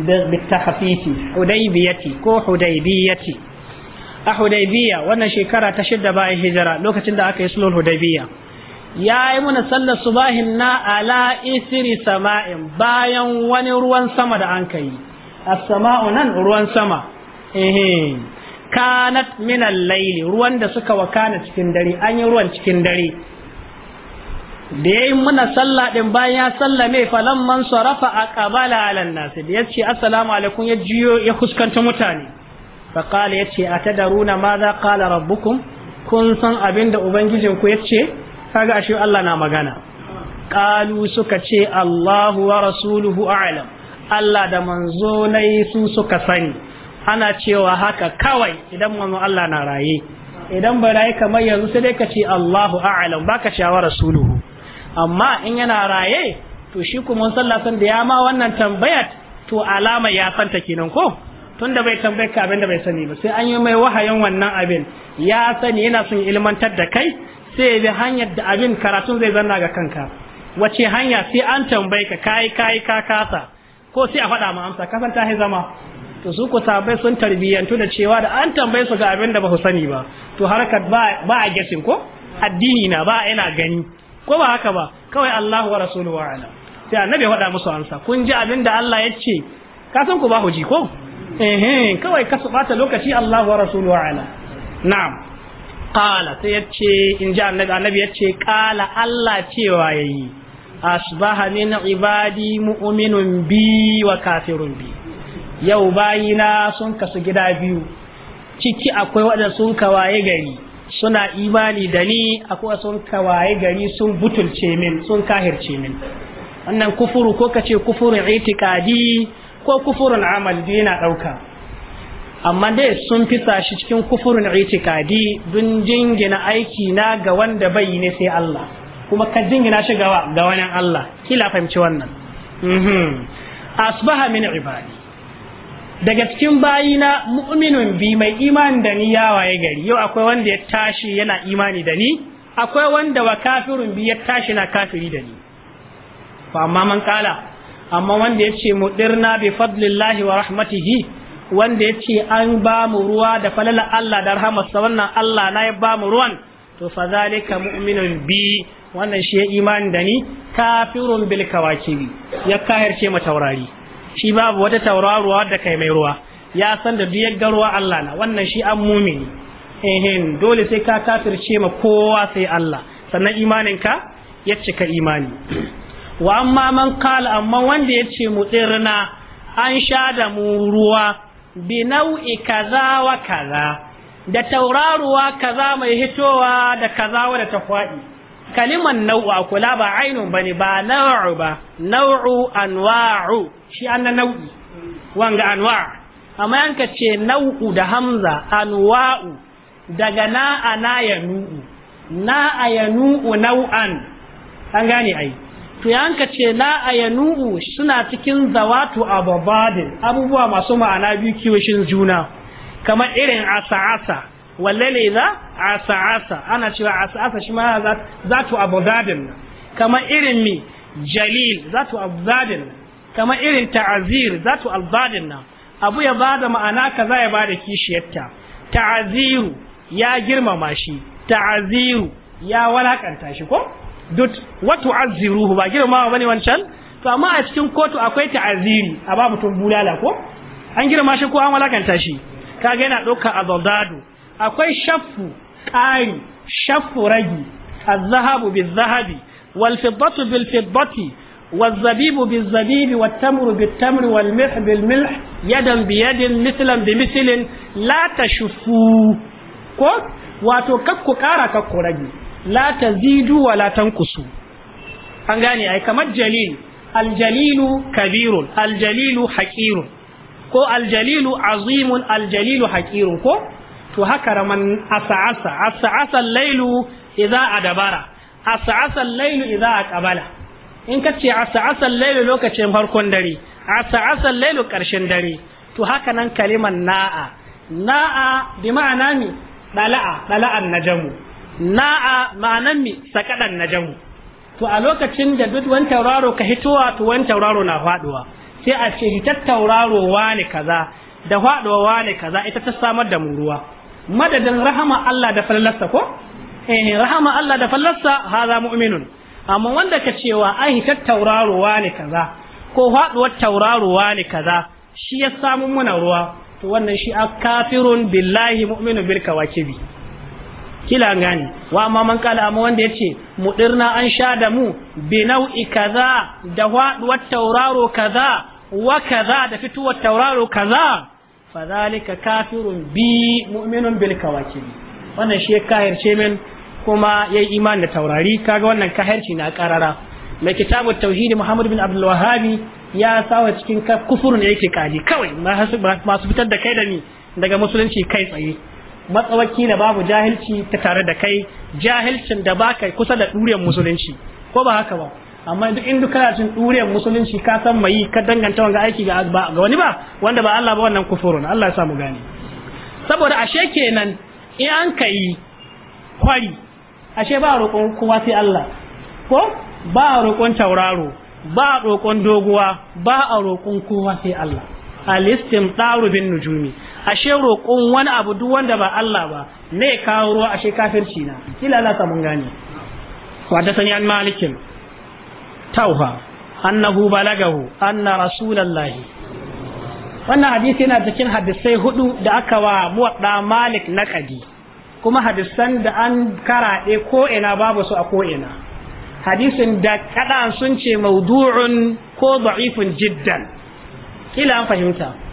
da bitahfifi hudaybiyati ko hudaybiyati a hudaybiya wannan shekara ta shidda bayan hijira lokacin da aka yi sulhul hudaybiya ya yi muna sallar subahin na ala isiri sama'in bayan wani ruwan sama da an kai as-sama'u nan ruwan sama kanat min al ruwan da suka wakana cikin dare an yi ruwan cikin dare da yayi muna sallah din bayan ya sallame falamman sarafa a ala an-nas da yace assalamu alaikum ya jiyo ya huskanta mutane fa qala yace atadaruna madha qala rabbukum kun san abinda ubangijinku yace kaga ashe Allah na magana qalu suka ce Allahu wa rasuluhu a'lam Allah da manzo nai su suka sani ana cewa haka kawai idan manzo Allah na raye idan ba raye kamar yanzu sai dai ka ce Allahu a'lam baka wa rasuluhu amma in yana raye to shi kuma sallasan da ya ma wannan tambaya to alama ya santa kenan ko tunda bai tambaye ka abin da bai sani ba sai an yi mai wahayin wannan abin ya sani yana son ilmantar da kai sai bi hanyar da abin karatun zai zanna ga kanka wace hanya sai an tambaye ka kai kai ka kasa ko sai a faɗa ma amsa kasan ta zama to su ku sabai sun tarbiyyantu da cewa da an tambaye su ga abin da ba su sani ba to harkar ba a gesin ko addini na ba ina gani ko ba haka ba kawai Allahu wa rasuluhu ala sai annabi faɗa musu amsa kun ji abin da Allah ya ce ka san ku ba ku ko eh eh kawai ka su bata lokaci Allahu wa rasuluhu ala na'am qala sai yace in ji annabi annabi yace qala Allah cewa yayi asbaha min ibadi mu'minun bi wa kafirun bi yau bayina sun kasu gida biyu ciki akwai waɗanda sun kawaye gari suna imani da ni akwai sun kawaye gari sun butulce min sun kahirce min wannan kufuru ko kace kufurin itikadi ko kufurin amal na ɗauka amma dai sun fisa shi cikin kufurin itikadi don jingina aiki na ga wanda bai ne sai Allah kuma ka jingina shi ga ga wani Allah kila fahimci wannan mhm. asbaha min ibadi daga cikin bayina mu'minun bi mai imani da ni ya gari yau akwai wanda ya tashi yana imani da ni akwai wanda wa kafirun bi ya tashi na kafiri da ni fa amma man kala amma wanda ya ce mudirna bi fadlillahi wa rahmatihi wanda ya ce an ba mu ruwa da falala Allah da rahamarsa wannan Allah na ya ba mu ruwan to fa zalika mu'minun bi wannan shi ya imani da ni kafirun bil kawakibi ya kahirce ma taurari shi babu wata tauraruwa da kai mai ruwa ya san da duk yadda ruwa Allah na wannan shi an mumini Ehen. dole sai ka kafirce ma kowa sai Allah sannan imanin ka ya cika imani wa amma man kala amma wanda ya ce mu tsirna an sha da mu ruwa bi nau'i kaza wa kaza da tauraruwa kaza mai hitowa da kaza wa da tafwa'i kaliman nau'u a kula ba ainu bane ba nau'u ba nau'u anwa'u shi an nau'i wanga anwa' amma yanka ce nau'u da hamza anwa'u daga na'a na ya nu'u na'a ya nu'u nau'an an gane ai to yanka ce la ayanu'u suna cikin zawatu ababadin abubuwa masu ma'ana biyu kiwashin juna kamar irin asa-asa walle ne za asa-asa ana cewa asa-asa shi ma zatu ababadin kamar irin mi jalil zatu ababadin kamar irin ta'azir zatu albadin na. abu ya bada ma'ana za ya bada kishiyarta ta'aziru ya girmama shi ta'aziru ya walakanta shi ko dut watu azziruhu ba girma ba ne wancan to amma a cikin kotu akwai ta'aziri a ba mutum bulala ko an girma shi ko an walakanta shi kaga yana ɗauka azaldado akwai shaffu ƙari shaffu ragi الذهب بالذهب والفضة بالفضة والزبيب بالزبيب والتمر بالتمر والملح بالملح يدا بيد bi بمثل لا تشفوا ko wato kakku kara kakku rage la tazidu wa la an gane ai kamar jalil aljalilu kabirun aljalilu haqirun ko aljalilu azimun aljalilu haqirun ko to haka raman asa'asa asa'asa lailu idza adabara asa'asa lailu idza aqbala in ka ce asa'asa lailu lokacin farkon dare asa'asa lailu ƙarshen dare to haka nan kalimar na'a na'a bi ma'ana mi dala'a dala'an najamu na'a manan mi sakadan jamu. to a lokacin da duk wani tauraro ka hitowa to wani tauraro na faduwa sai a ce hitar tauraro wani kaza da faduwa wani kaza ita ta samar da muruwa. madadin rahama Allah da fallasta ko eh rahama Allah da fallasta haza mu'minun amma wanda ka cewa ai hitar tauraro wani kaza ko haɗuwar tauraro wani kaza shi ya samu muna ruwa to wannan shi a kafirun billahi mu'minu bil kawakibi kila gani wa amma man kala amma wanda yace mudirna an sha da mu bi nau'i kaza da wa tauraro kaza wa kaza da fituwar tauraro kaza fa zalika kafirun bi mu'minun bil kawakibi wannan shi kahirce min kuma yayi imani da taurari kaga wannan kahirci na karara mai kitabu tauhid Muhammad bin Abdul Wahhabi ya sawa cikin kafurun yake kadi kawai masu fitar da kai da ni daga musulunci kai tsaye matsawaki na babu jahilci ta tare da kai jahilcin da kai kusa da ɗuriyar musulunci ko ba haka ba amma duk in duka cin ɗuriyar musulunci ka san mai ka danganta wanga aiki ga ga wani ba wanda ba Allah ba wannan kufurun Allah ya samu gane saboda ashe kenan in an kai kwari ashe ba roƙon kowa sai Allah ko ba roƙon tauraro ba roƙon doguwa ba a roƙon kowa sai Allah Alistim istimtaru bin nujumi ashe roƙon wani abu duk wanda ba Allah ba ne kawo ruwa ashe kafirci na kila Allah ta mun gane wa da sani an malikin tauha annahu balagahu anna rasulullahi wannan hadisi yana cikin hadisai hudu da aka wa muwadda malik na kadi kuma hadisan da an karaɗe ko ina babu su a ko ina hadisin da kaɗan sun ce maudu'un ko da'ifun jiddan kila an fahimta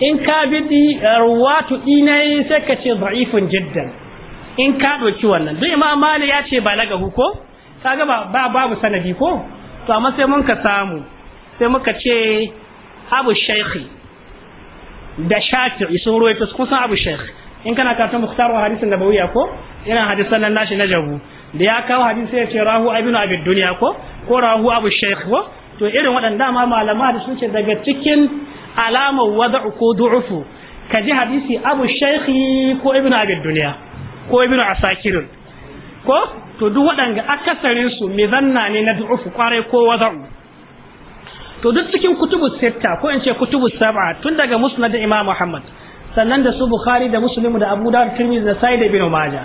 in ka bi eh, ruwatu ina sai ka ce da'ifun jiddan in ka doki wannan duk imam mali ya ce balagahu ko kaga ba babu sanadi ko to amma sai mun ka samu sai muka ce abu shaykhi da shafi'i sun ruwaito su san abu shaykhi in kana karatun mukhtar wa hadisin nabawiya ko ina hadisan nan nashi na jabu da ya kawo hadisi ya ce rahu ibn abi dunya ko ko rahu abu shaykh ko to irin waɗanda ma malama da sun daga cikin alamar wada ko du'ufu ka ji hadisi abu shaikhi ko ibn abin duniya ko ibn asakirin ko to duk waɗanda akasarin su me zanna ne na du'ufu kwarai ko wada'u to duk cikin kutubu sitta ko in ce kutubu sab'a tun daga musnad imam muhammad sannan da su bukhari da muslim da abu dawud tirmidhi da sa'id ibn majah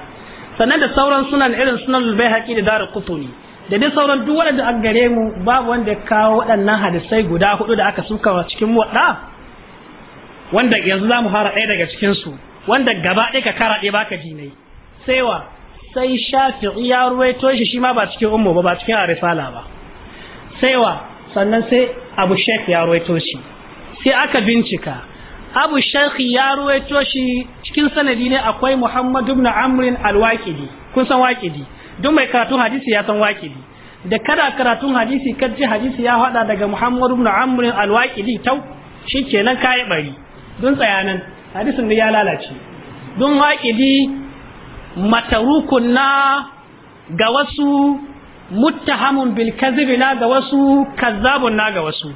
sannan da sauran sunan irin sunan al-baihaqi da darqutni da dai sauran duk waɗanda an gare mu babu wanda ya kawo waɗannan hadisai guda hudu da aka suka cikin waɗa wanda yanzu za mu fara ɗaya daga cikinsu wanda gaba ɗaya ka kara ɗaya baka jinai. sai wa sai shafi'i ya ruwaito shi shi ma ba cikin ummu ba ba cikin arisala ba sai wa sannan sai abu shek ya ruwaito shi sai aka bincika abu shek ya ruwaito shi cikin sanadi ne akwai Muhammadu ibn amrin alwaqidi kun san waqidi duk mai karatun hadisi ya san wakili da kada karatun hadisi kan hadisi ya hada daga muhammadu ibn amr al-waqidi tau shikenan kai bari dun tsayanan hadisin ne ya lalace dun waqidi matarukun na ga wasu muttahamun bil kadhibi na ga wasu kazzabun na ga wasu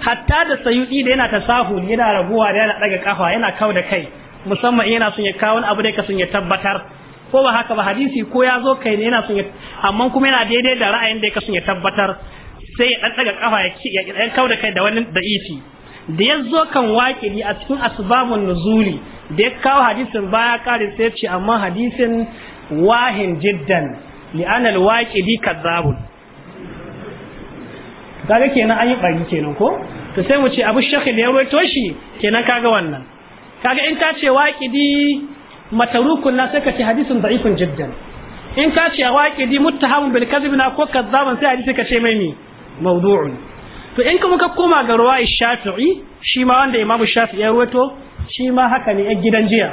hatta da sayudi da yana tasahu yana raguwa da yana daga kafa yana kawo da kai musamman yana son ya kawo abu da ka sun ya tabbatar ko ba haka ba hadisi ko ya zo kai ne yana son amma kuma yana daidai da ra'ayin da ya kasu ya tabbatar sai ya ɗaɗɗaga kafa ya ya kau da kai da wani da iti da ya zo kan waƙiri a cikin asbabun nuzuli da ya kawo hadisin baya ƙarin sai ce amma hadisin wahin jiddan li'an alwaƙiri kazzabun kaga kenan an yi bari kenan ko to sai mu ce abu shakil ya ruwaito shi kenan kaga wannan kaga in ka ce waƙidi matarukun na sai ka ce hadisin da'ifun jiddan in ka ce di muttahamun bil kadhib na ko kadzaban sai hadisi ka ce mai mi mawdu'un to in kuma ka koma ga ruwayi shafi'i shi ma wanda imam shafi'i ya ruwato shi ma haka ne yan gidan jiya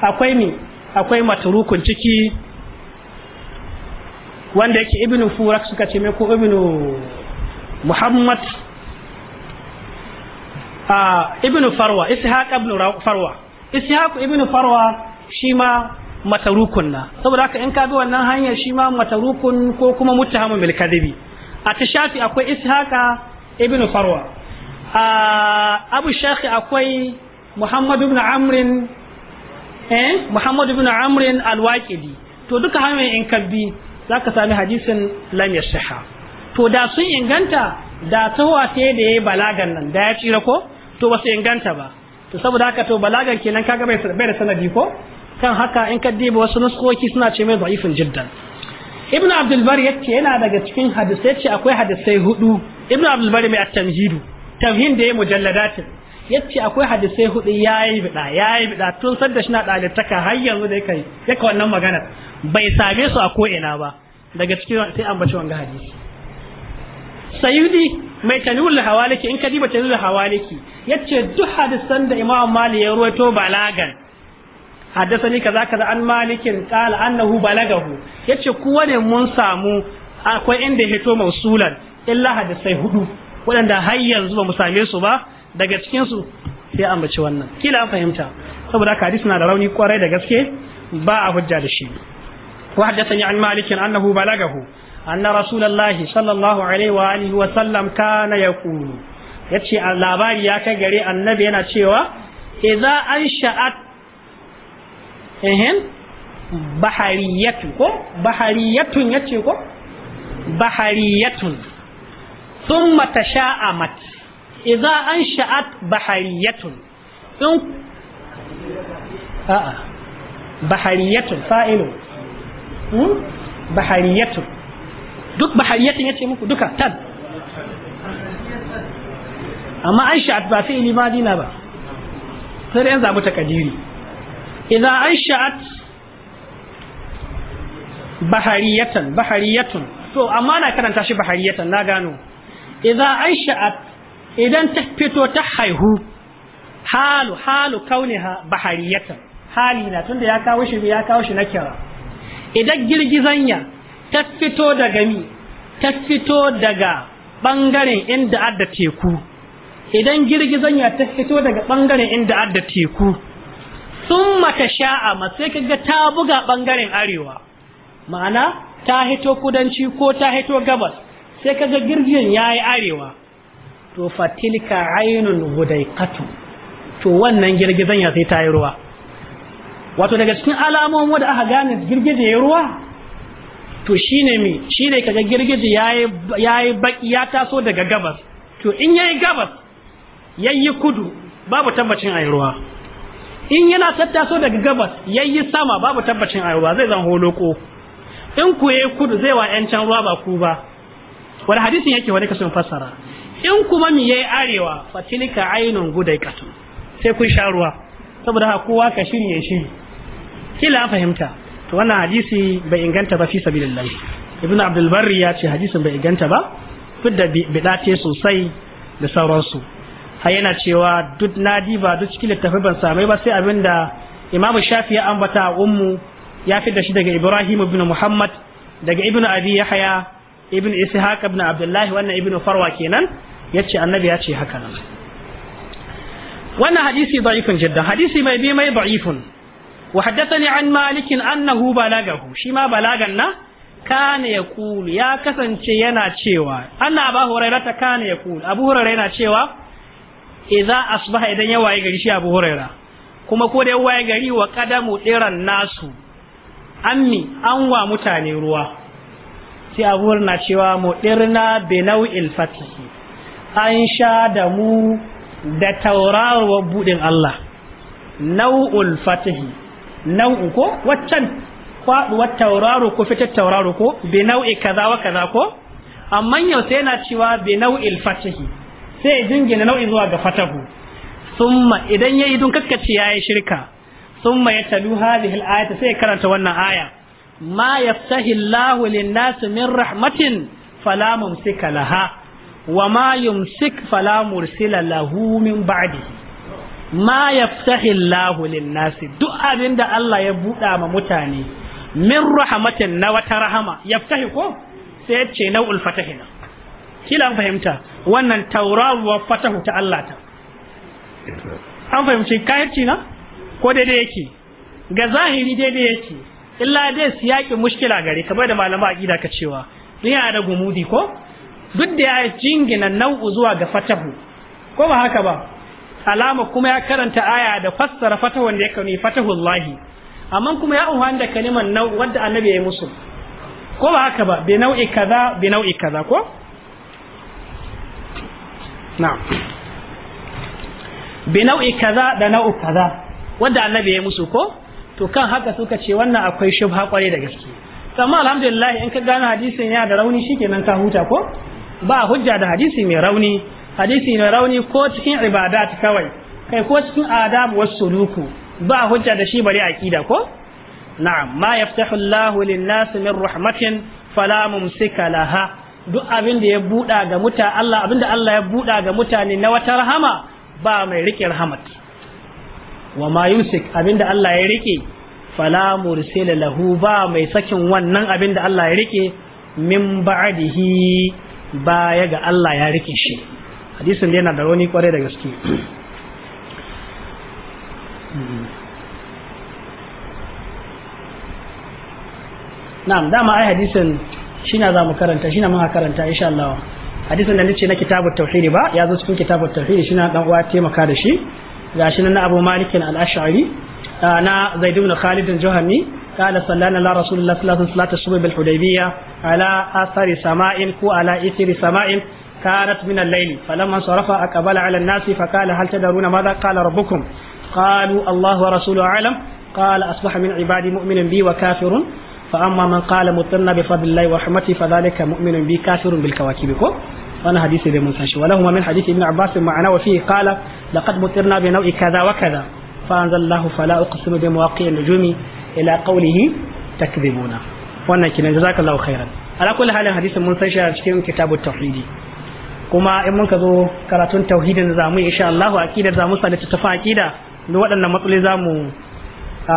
akwai mi akwai matarukun ciki wanda yake ibnu furak suka ce mai ko ibnu muhammad a ah, ibnu farwa ishaq ibnu farwa ishaku ibn farwa shi ma matarukun na saboda haka in ka bi wannan hanya shi ma matarukun ko kuma muttahamun bil kadhibi a tashafi akwai Ishaq ibn farwa a abu shakhi akwai muhammad ibn amrin eh muhammad ibn amr al-waqidi to duka hanyoyin in ka bi zaka sami hadisin lam to da sun inganta da tawa sai da yayi balagan nan da ya tsira ko to ba su inganta ba to saboda haka to balaga kenan kaga bai bai da sanadi ko kan haka in ka diba wasu nuskoki suna ce mai da'ifin jiddan ibn abdul bari yace yana daga cikin hadisai yace akwai hadisai hudu ibn abdul bari mai at-tamhidu tamhin da ya mujalladatin yace akwai hadisai hudu yayi bida yayi bida tun sadda shi na dalitaka har yanzu da yake yake wannan magana bai same su a ko ina ba daga cikin sai ambaci wanga hadisi sayyidi mai tanwil hawaliki in ka diba tanwil hawaliki yace duk hadisan da imam malik ya ruwato balagan haddasani kaza kaza an malikin qala annahu balagahu yace kuwa ne mun samu akwai inda hito mausulan illa hadisai hudu waɗanda har yanzu ba mu same su ba daga cikin su sai ambaci wannan kila an fahimta saboda haka hadisi na da rauni kwarai da gaske ba a hujja da shi wa haddathani an malikin annahu balagahu ana rasulullahi sallallahu alaihi wa alihi wa sallam kana yaqulu yace labari ya kai gare annabi yana cewa idza ansha'at ehin bahariyatu ko bahariyatun yace ko bahariyatun thumma tasha'amat idza ansha'at bahariyatun in duk bahariyatin ce muku duka tan amma aisha ba fi'ili madina ba sai yan zabu kadiri idza Aisha'at. bahariyatan bahariyatun to amma na karanta shi bahariyatan na gano idza Aisha'at idan ta fito ta haihu halu halu kauniha bahariyatan hali na tunda ya kawo shi ya kawo shi na kira idan girgizanya ta fito daga mi ta fito daga ɓangaren inda adda teku idan girgizan ya ta fito daga ɓangaren inda adda teku sun mata sha'a sai kaga ta buga ɓangaren arewa ma'ana ta hito kudanci ko ta hito gabas sai kaga girgin yi arewa to fatilka ainun gudaiqatu to wannan girgizan ya sai ta yi ruwa wato daga cikin alamomin da aka gane girgije ya yi ruwa to shine mi ne kaga girgiji ya yi baki ya taso daga gabas to in ya yi gabas ya yi kudu babu tabbacin ayi ruwa in yana tattaso daga gabas ya yi sama babu tabbacin ayi ruwa zai zan holoko in ku yi kudu zai wa yancan ruwa ba ku ba wani hadisin yake wani kasan fassara in kuma mi yi arewa fatilika ainihin gudai katu sai kun sha ruwa saboda haka kowa ka shirye shi kila fahimta wannan hadisi bai inganta ba fi sabilillah Ibnu abdul barri ya ce hadisin bai inganta ba fidda bidace sosai da sauransu har yana cewa duk nadi ba duk cikin littafai ban same ba sai abinda imamu shafi ya ambata a ummu ya fidda shi daga ibrahim ibn muhammad daga ibn abi yahya ibn ishaq ibn abdullahi wannan ibnu farwa kenan yace annabi ya ce haka nan wannan hadisi da'ifun jiddan hadisi mai bi mai da'ifun wa haddathani an malik annahu balagahu shi ma balagan na kana yaqulu ya kasance yana cewa anna abu hurairah ta kana yaqulu abu hurairah yana cewa idza asbaha idan ya waye gari shi abu hurairah kuma ko da waye gari wa qadamu diran nasu ammi an wa mutane ruwa sai abu hurairah na cewa mudirna bi nau'il fatihi an sha da mu da tauraruwar budin Allah nau'ul fatihi nau'in ko waccan faduwar tauraro ko fitar tauraro ko bi nau'i kaza wa kaza ko amma yau sai yana cewa bi nau'il fatahi sai jingina nau'i zuwa ga fatahu summa idan yayi dun kakkace yayi shirka summa yatalu hadhihi al-ayata sai karanta wannan aya ma yaftahi Allahu lin-nas min rahmatin fala mumsika laha wa ma yumsik fala mursila lahu min ba'dihi ma yaftahillahu nasi duk abin da Allah ya buɗa ma mutane min rahmatin na wata rahama yaftahi ko sai ya ce nau'ul fatahina kila fahimta wannan taurawar fatahu ta Allah ta an fahimci kayarci na ko daidai yake ga zahiri daidai yake illa dai su yaki mushkila gare kamar da malama a aqida ka cewa ya da gumudi ko duk da ya jingina nau'u zuwa ga fatahu ko ba haka ba alama kuma ya karanta aya da fassara fatahun da ya kani fatahullahi amma kuma ya uhan da kaliman nau wadda annabi ya yi musu ko ba haka ba bi nau'i kaza bi nau'i kaza ko na'am bi nau'i kaza da nau'u kaza wadda annabi ya yi musu ko to kan haka suka ce wannan akwai shubha kwarai da gaske amma alhamdulillah in ka gano hadisin ya da rauni shikenan ka huta ko ba hujja da hadisi mai rauni hadisi mai rauni ko cikin ibadat kawai kai ko cikin adab wasu suluku ba hujja da shi bari aqida ko na'am ma yaftahu Allahu lin-nas min rahmatin fala mumsika laha duk abin da ya buda ga muta Allah abin da Allah ya buda ga mutane na wata rahama ba mai rike rahmat wa ma yumsik abin da Allah ya rike fala mursila lahu ba mai sakin wannan abin da Allah ya rike min ba'dihi baya ga Allah ya rike shi hadisin da yana da rauni kwarai da gaske na'am dama ai hadisin shine za mu karanta shine muka karanta insha Allah hadisin da nace na kitabut tauhidi ba ya zo cikin kitabut tauhidi shine dan uwa taimaka da shi gashi nan na Abu Malik al-Ash'ari na Zaid ibn Khalid al-Juhani قال صلى الله رسول الله صلى الله عليه وسلم صلاة الصبح بالحديبية على أثر سماء كو على إثر سماء كانت من الليل فلما صرف أقبل على الناس فقال هل تدرون ماذا قال ربكم قالوا الله ورسوله أعلم قال أصبح من عبادي مؤمن بي وكافر فأما من قال مطرنا بفضل الله ورحمته فذلك مؤمن بي كافر بالكواكب وانا حديث ابن منتشر ولهما من حديث ابن عباس معنا وفيه قال لقد مطرنا بنوع كذا وكذا فأنزل الله فلا أقسم بمواقع النجوم إلى قوله تكذبون وانا كنا جزاك الله خيرا على كل حال حديث منتشر في كتاب التوحيد kuma in mun ka zo karatun tauhidin za mu insha Allah akida mu sa littattafan akida da waɗannan matsaloli zamu a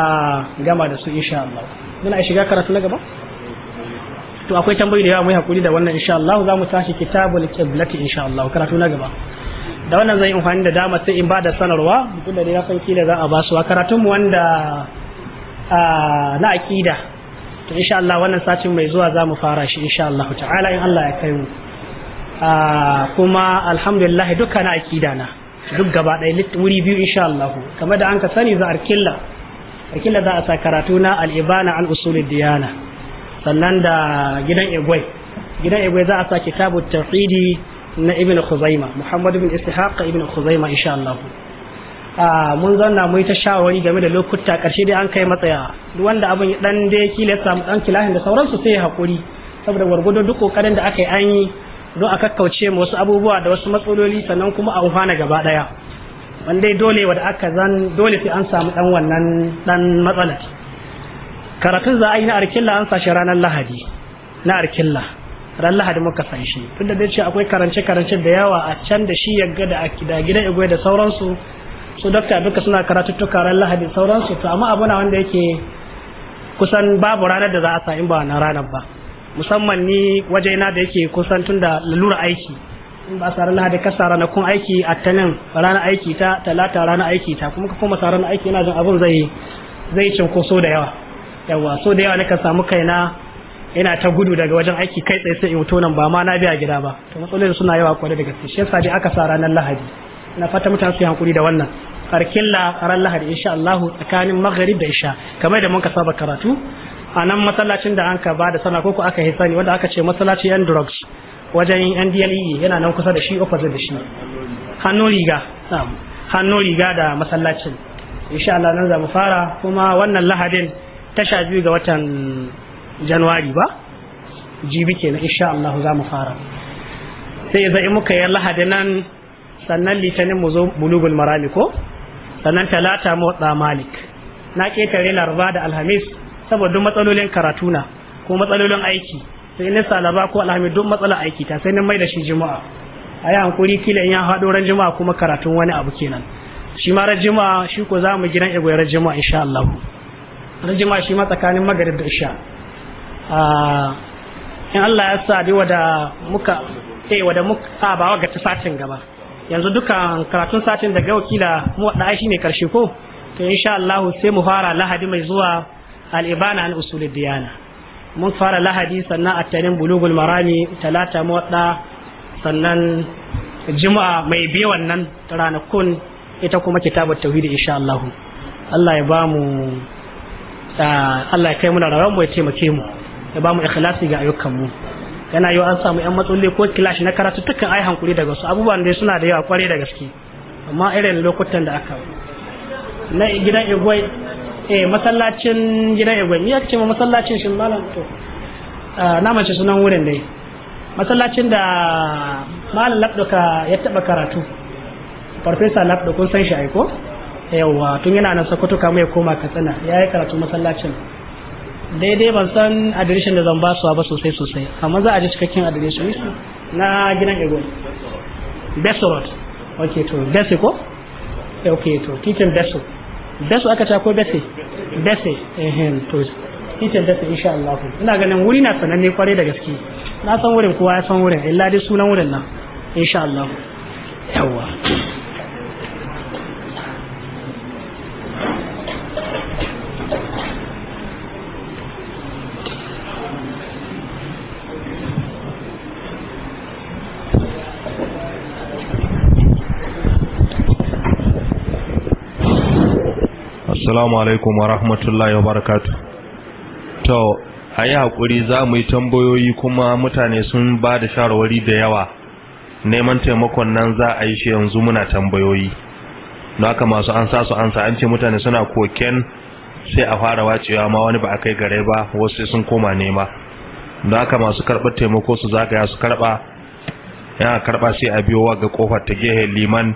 gama da su insha Allahu muna shiga karatu na gaba to akwai tambayoyi da yawa mu hakuri da wannan insha za zamu tashi kitabul qiblati insha Allahu karatu na gaba da wannan zan yi amfani da dama sai in ba da sanarwa duk da na san kila za a ba su karatun mu wanda na akida to insha Allah wannan satin mai zuwa zamu fara shi insha Allah ta'ala in Allah ya kai mu Ah, kuma alhamdulillah duka na akida na duk gaba ɗaya wuri biyu insha Allah da an ka sani za a arkilla za a sa karatu na al-ibana an usul diyana sannan da gidan egwai gidan egwai za a sa kitabu tafidi na ibn khuzaima muhammad ibn ishaq ibn khuzaima insha Allah ah, mun zanna mu ta shawari game da lokuta karshe dai an kai matsaya wanda abin dan dai kila ya samu dan kilahin da sauransu sai ya hakuri saboda gwargwado duk kokarin da aka yi an yi don a kakkauce mu wasu abubuwa da wasu matsaloli sannan kuma a amfana gaba daya wanda dole wa da aka zan dole sai an samu dan wannan dan matsala karatun za a yi na arkilla an sashi ranar lahadi na arkilla ran lahadi muka san shi tunda dai ce akwai karance karance da yawa a can da shi yagga da akida gidan igwe da sauransu su dokta duka suna karatuttuka ran lahadi sauransu to amma abu wanda yake kusan babu ranar da za a sa in ba na ranar ba musamman ni wajena da yake kusan tun da lura aiki in ba sa ranar da kasa ranakun aiki a tanin rana aiki ta talata ranar aiki ta kuma kuma sa ranar aiki yana jin abin zai zai cinkoso da yawa yawa so da yawa ka samu kaina ina ta gudu daga wajen aiki kai tsaye sai in wuto nan ba ma na biya gida ba to matsalolin suna yawa kwarai daga gaske shi yasa aka sa ranar lahadi na fata mutane su yi hankuri da wannan farkilla ran lahadi insha Allah tsakanin maghrib da isha kamar da mun ka saba karatu a nan masallacin da an ka ba da sana koko aka hisani wanda aka ce masallaci yan drugs wajen yan DLE yana nan kusa da shi opposite da shi hannu riga hannu riga da masallacin insha Allah nan za mu fara kuma wannan lahadin tasha biyu ga watan januwari ba jibi kenan insha Allah za mu fara sai ya zai muka yi lahadin nan sannan litinin mu zo bulugul marami ko sannan talata mu malik na ketare larba da alhamis saboda matsalolin karatu na ko matsalolin aiki sai na salaba ko alhamdu duk matsalar aiki ta sai na mai da shi juma'a a yi hankuri kila in ya haɗo ran juma'a kuma karatun wani abu kenan shi ma ran juma'a shi ko za mu gidan ego ran juma'a insha Allah ran juma'a shi ma tsakanin magarib da isha in Allah ya sa dai wada muka eh wada muka a ba ga ta satin gaba yanzu dukkan karatun satin daga wakila mu wada shi ne karshe ko to insha Allah sai mu fara lahadi mai zuwa al'ibana an usulid diyana mun fara lahadi sannan attanin bulugul marami talata motsa sannan juma'a mai biyu wannan ranakun ita kuma kitabut tauhidi insha Allah Allah ya ba mu Allah ya kai mu rawan mu ya taimake mu ya ba mu ikhlasi ga ayyukan mu yana yau an samu yan matsaloli ko kilashi na karatu dukkan ai hankuri daga su abubuwan da suna da yawa kware da gaske amma irin lokutan da aka na gidan igwai eh masallacin gidan igwami ya ce ma masallacin shin malam to ah, na mace sunan wurin dai masallacin da malam labduka ya taba karatu farfesa labdu kun san shi ai ko yawa tun yana nan sokoto ka mai koma katsina ya yi karatu masallacin daidai ban san adireshin da zan ba su ba sosai sosai amma za a ji cikakken adireshin na gidan best road ok to best ko ok to best road dasu aka ko bese bese ehem to kitchen dasa insha Allah ina ganin wuri na sananne kwarai da gaske na san wurin kowa ya san wurin illa dai sunan wurin nan insha Allah yawa assalamu alaikum wa rahmatullahi wa barakatu to a yi haƙuri za mu yi tambayoyi kuma mutane sun ba da shawarwari da yawa neman taimakon nan za a yi shi yanzu muna tambayoyi na aka masu an sa su an sa an ce mutane suna koken sai a fara wacewa ma wani ba a kai gare ba wasu sun koma nema na aka masu karɓar taimako su zagaya su karɓa yana karɓa sai a biyo wa ga kofar ta gehe liman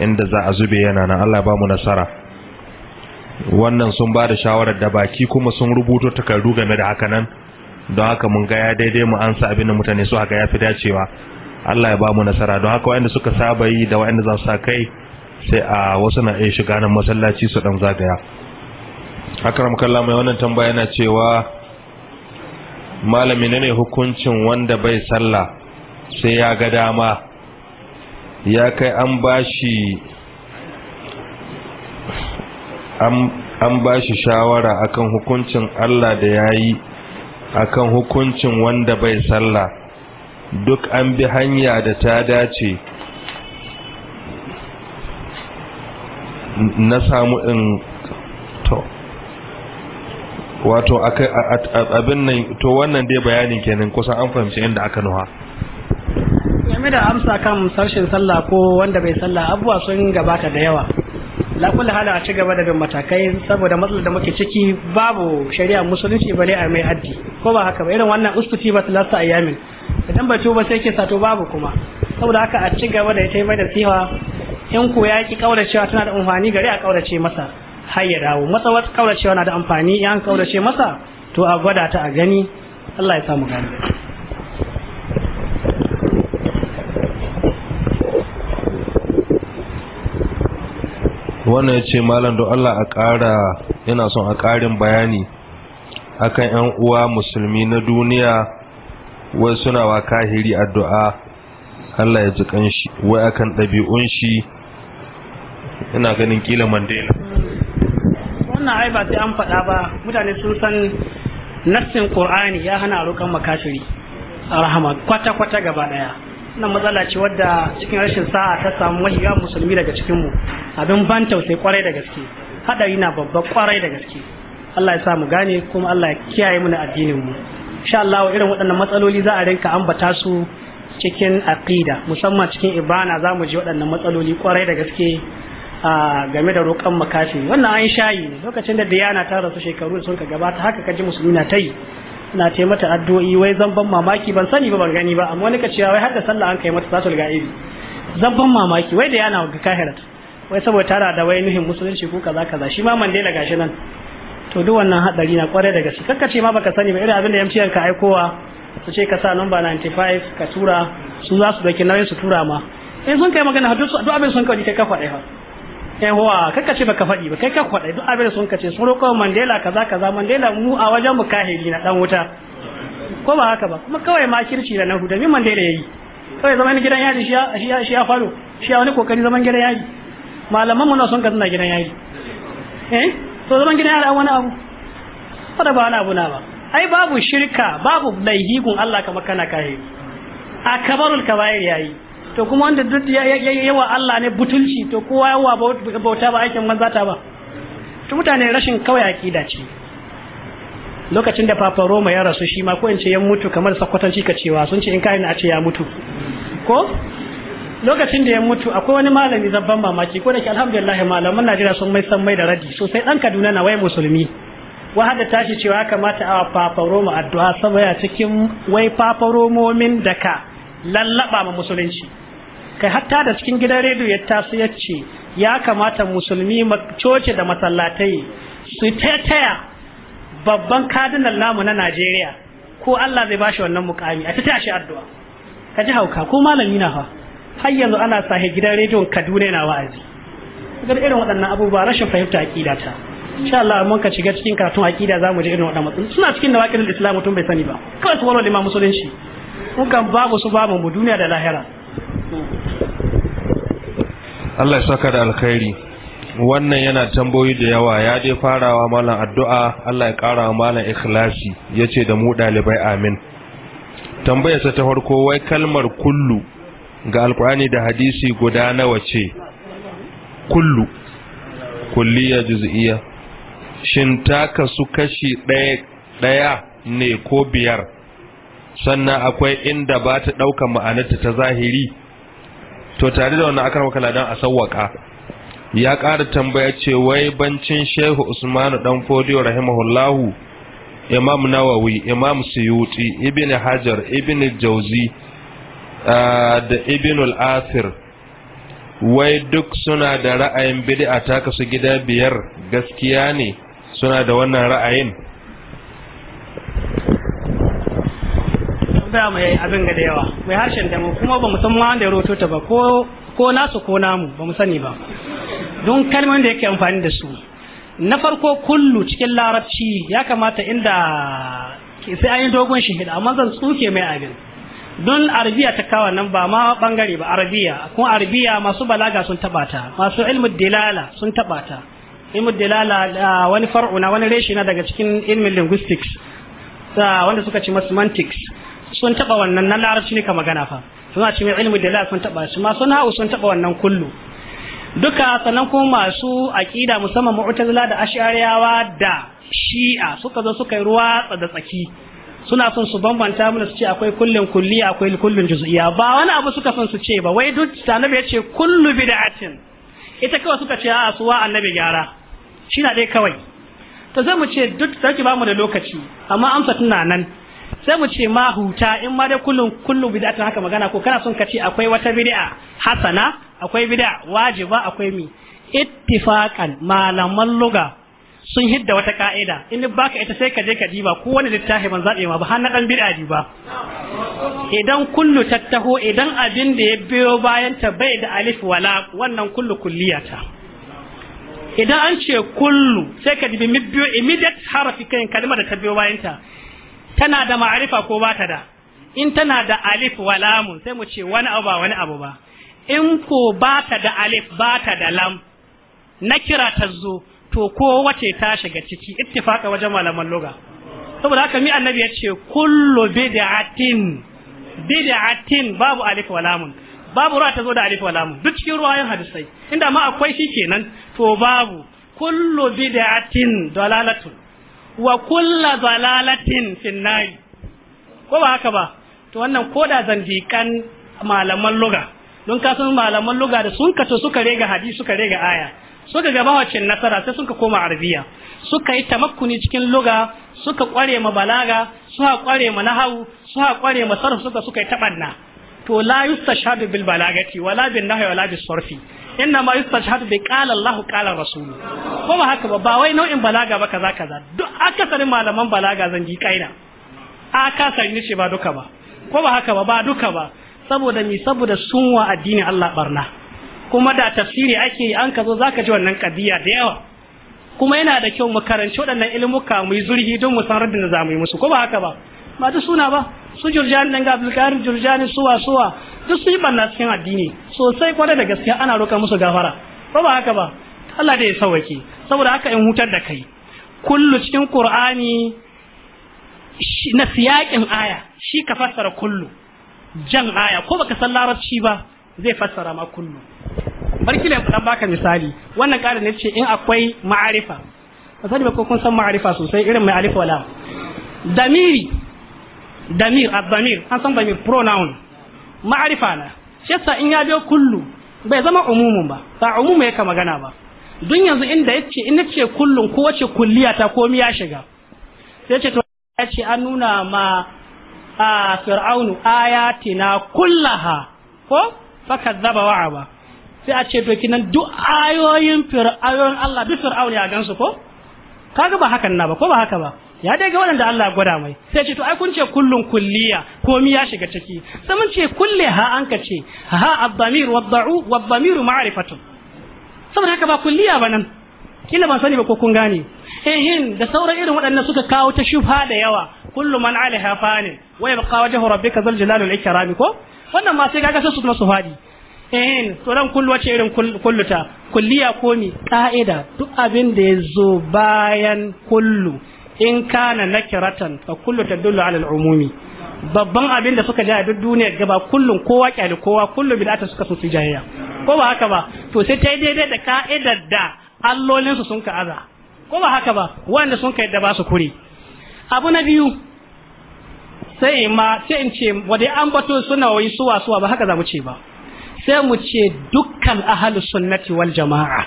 inda za a zube yana na allah ba mu nasara wannan sun ba da shawarar da baki kuma sun rubuto takardu game da haka nan don haka mun ga ya daidai mu ansa abin da mutane su haka ya fi dacewa Allah ya ba mu nasara don haka waɗanda suka saba yi da wanda za su sa kai sai a wasu na iya shiga nan masallaci su dan zagaya akram kallah mai wannan tambaya yana cewa malami ne hukuncin wanda bai sallah sai ya ga dama ya kai an bashi an ba shi shawara akan hukuncin Allah da ya yi akan hukuncin wanda bai sallah duk an bi hanya da ta dace na samu in to wato abin nan to wannan dai bayanin kenan kusan an fahimci inda aka nuha game da amsa kan sashen sallah ko wanda bai sallah abubuwa sun gabata da yawa la hala a ci gaba da bin matakai saboda matsalar da muke ciki babu shari'a musulunci bale a mai haddi ko ba haka ba irin wannan uskuti ba lasta ayamin idan ba ba sai ke sato babu kuma saboda haka a ci gaba da ita mai da siha in ko ya ki kauracewa tana da amfani gari a kaurace masa har ya dawo matsawar kauracewa na da amfani in kaurace masa to a gwada ta a gani Allah ya samu gani wannan ya ce malam don Allah a ƙara yana son a ƙarin bayani akan 'yan uwa musulmi na duniya wai suna wa kahiri addu'a Allah ya jikan shi wai akan ɗabi'un shi ina ganin kila mandela wannan ai ba sai an faɗa ba mutane sun san nassin qur'ani ya hana roƙon makashiri rahama kwata-kwata gaba ɗaya wannan matsala ce wadda cikin rashin sa'a ta samu mahiya musulmi daga cikinmu abin ban tausayi kwarai da gaske hadari na babba kwarai da gaske Allah ya sa mu gane kuma Allah ya kiyaye mana addinin mu insha Allah irin waɗannan matsaloli za a rinka ambata su cikin aqida musamman cikin ibana za mu ji waɗannan matsaloli kwarai da gaske a game da roƙon makafi wannan an shayi lokacin da diyana ta rasu shekaru sun ka gabata haka kaji musulmi na ta yi na ce mata addu'o'i wai zan ban mamaki ban sani ba ban gani ba amma wani ka cewa wai har da sallah an kai mata zatul ga'ibi zan ban mamaki wai da yana ga kahirat wai saboda tara da wai nuhin musulunci ko kaza kaza shi ma Mandela gashi nan to duk wannan hadari na kware da gaske kakka ce ma baka sani ba irin abin da MTN ka aikowa su ce ka sa number 95 ka tura su za su dauki nauyin su tura ma eh sun kai magana duk abin sun kawai kai ka faɗi fa kai huwa kakka ce baka faɗi ba kai ka faɗi duk abin sun kace sun roƙo Mandela kaza kaza Mandela mu a wajen mu kahiri na dan wuta ko ba haka ba kuma kawai ma kirci da nan hudu min Mandela yayi kawai zaman gidan yaji shi ya shi ya faru shi ya wani kokari zaman gidan yaji malaman mu na son ka suna gidan yayi eh to zaman gidan wani abu ba wani abu na ba ai babu shirka babu laihigun Allah kamar kana kai a kabarul kabair yayi to kuma wanda duk yawa Allah ne butulci to kowa yawa bauta ba aikin manza ta ba to mutane rashin kawai akida ce lokacin da Papa Roma ya rasu shi ma ko in ce ya mutu kamar sakwatanci ka cewa sun ce in kai na a ce ya mutu ko lokacin da ya mutu akwai wani malami zabban mamaki ko da ke alhamdulillah malaman Najeriya sun mai san mai da radi sosai dan Kaduna na wai musulmi Wa hada tashi cewa kamata a fafaro mu addu'a saboda cikin wai fafaro da ka lallaba ma musulunci kai hatta da cikin gidan rediyo ya taso ya ce ya kamata musulmi coci da masallatai su taya babban kadinan namu na Najeriya ko Allah zai bashi wannan mukami a ta tashi addu'a ka ji hauka ko malami na fa har yanzu ana sahi gidan rediyon Kaduna yana wa'azi ga irin waɗannan abubuwa rashin fahimta aqida ta insha Allah mun ka shiga cikin karatun aqida zamu ji irin waɗannan matsaloli suna cikin da waƙilin Islam mutum bai sani ba kawai su limamu sunan musulunci mun kan babu su babu mu duniya da lahira Allah ya saka da alkhairi wannan yana tambayoyi da yawa ya dai farawa malam addu'a Allah ya kara wa malam ikhlasi yace da mu dalibai amin tambayarsa ta farko wai kalmar kullu ga alkur'ani da hadisi guda nawa ce kullu kulliya juz'iyya shin taka su kashi ɗaya daya ne ko biyar sannan akwai inda ba ta ɗaukar ma'anarta ta zahiri to tare da wannan akan wakala dan a sawwaka ya ƙara tambaya ce wai bancin shehu usmanu dan fodiyo rahimahullahu imam nawawi imam suyuti ibn hajar ibn jauzi da Ibinul asir wai duk suna da ra'ayin bid'a ta kasu gida biyar gaskiya ne suna da wannan ra'ayin da mai abin ga da yawa mai harshen da mu kuma ba mu san wanda ya roto ta ba ko ko nasu ko namu ba mu sani ba don kalmomin da yake amfani da su na farko kullu cikin larabci ya kamata inda sai an yi dogon shahida amma zan tsuke mai abin don arabiya ta kawo nan ba ma bangare ba arabiya kun arabiya masu balaga sun tabata masu ilmu dilala sun tabata ilmu dilala ah, wani far'una wani reshi na daga cikin ilmin linguistics wanda suka ci semantics sun taba wannan na larabci ne ka magana fa suna ci mai ilmu dilala sun taba shi masu nahu sun taba wannan kullu duka sannan kuma masu aqida musamman mu'tazila da ash'ariyawa da shi'a suka zo suka yi ruwa da tsaki suna son su bambanta mana su ce akwai kullun kulli akwai kullun juz'iyya ba wani abu suka son su ce ba wai duk annabi ya ce kullu bid'atin ita kawai suka ce a suwa annabi gyara shi na dai kawai to zai mu ce duk sarki ba mu da lokaci amma amsa tana nan sai mu ce ma huta in ma dai kullun kullu bid'atin haka magana ko kana son ka ce akwai wata bid'a hasana akwai bid'a wajiba akwai mi ittifaqan malaman lugha sun hidda wata ka'ida in baka ita sai ka je ka diba ko wani littafi ban zabe ma ba har na dan bid'a ba idan kullu tattaho idan abin da ya biyo bayan ta bai da alif wala wannan kullu kulliyata idan an ce kullu sai ka dibi biyo immediate harafi kan kalmar da ta biyo bayan ta tana da ma'arifa ko ba ta da in tana da alif wala mun sai mu ce wani abu ba wani abu ba in ko ba ta da alif ba ta da lam na kira ta zo to ko wace ta shiga ciki ittifaqa wajen malaman lugha saboda haka mi annabi yace kullu bid'atin bid'atin babu alif wa lam babu ruwa ta zo da alif wa lam duk cikin ruwayan hadisai inda ma akwai shi kenan to babu kullu bid'atin dalalatu wa kullu dalalatin finnai ko ba haka ba to wannan koda zandikan malaman lugha don ka san malaman lugha da sun kato suka rega hadisi suka rega aya suka gaba wacce nasara sai suka koma arabiya suka yi tamakkuni cikin luga suka kware ma balaga suka kware ma nahawu suka kware ma sarf suka suka yi tabanna to la yustashhadu bil balagati wala bin nahyi wala bis sarfi inna ma yustashhadu bi qala Allahu qala rasulu ko ba haka ba ba wai nau'in balaga ba kaza kaza duk akasarin malaman balaga zan ji kaina akasarin ne ce ba duka ba ko ba haka ba ba duka ba saboda ni saboda sunwa addinin Allah barna kuma da tafsiri ake yi an ka zo zaka ji wannan kadiya da yawa kuma yana da kyau mu karanci waɗannan ilmuka mu yi zurhi don mu san radin da za mu yi musu ko ba haka ba ba duk suna ba su jurjani dan Abdul Karim jurjani suwa suwa duk su yi banna cikin addini sosai kwarai da gaskiya ana roƙar musu gafara ko ba haka ba Allah da ya sauwake saboda haka in hutar da kai kullu cikin Qur'ani na siyaƙin aya shi ka fassara kullu jan aya ko baka san larabci ba zai fassara ma kullum barki lai dan baka misali wannan karin ne ce in akwai ma'arifa misali ba ko kun san ma'arifa sosai irin mai alif wala damiri damir ad-damir an san damir pronoun ma'arifa na shi yasa in ya biyo kullu bai zama umumun ba ba umumu yake magana ba dun yanzu inda yace in nace kullun ko wace kulliya ta komi ya shiga sai yace to yace an nuna ma a fir'aunu ayatina kullaha ko fakazzaba wa aba sai a ce to nan duk ayoyin fir'ayon Allah duk fir'aun ya gansu ko kaga ba hakan na ba ko ba haka ba ya dai ga waɗanda Allah gwada mai sai ce to ai kun ce kullun kulliya komi ya shiga ciki sai mun ce kulle ha an ka ce ha ad-damir wa ad-da'u wa saboda haka ba kulliya ba nan kila ban sani ba ko kun gane ehin da sauran irin waɗannan suka kawo ta shufa da yawa kullu man alaiha fanin wa yabqa wajhu rabbika dhul jalali wal ikram ko wannan ma sai kaga sai su su fadi eh to dan kullu wace irin kulluta kulliya ko mi ka'ida duk abin da yazo bayan kullu in kana nakiratan fa kullu tadullu ala al babban abin da suka jaya duk duniyar gaba kullum kowa kyale kowa kullum bid'ata suka so su jayayya ko ba haka ba to sai ta daidai da ka'idar da allolinsu su sun ka'aza ko ba haka ba wanda sun ka da ba su kure abu na biyu sai ma sai in ce wadai an bato suna wai suwa suwa ba haka za mu ce ba sai mu ce dukkan ahalus sunnati wal jama'a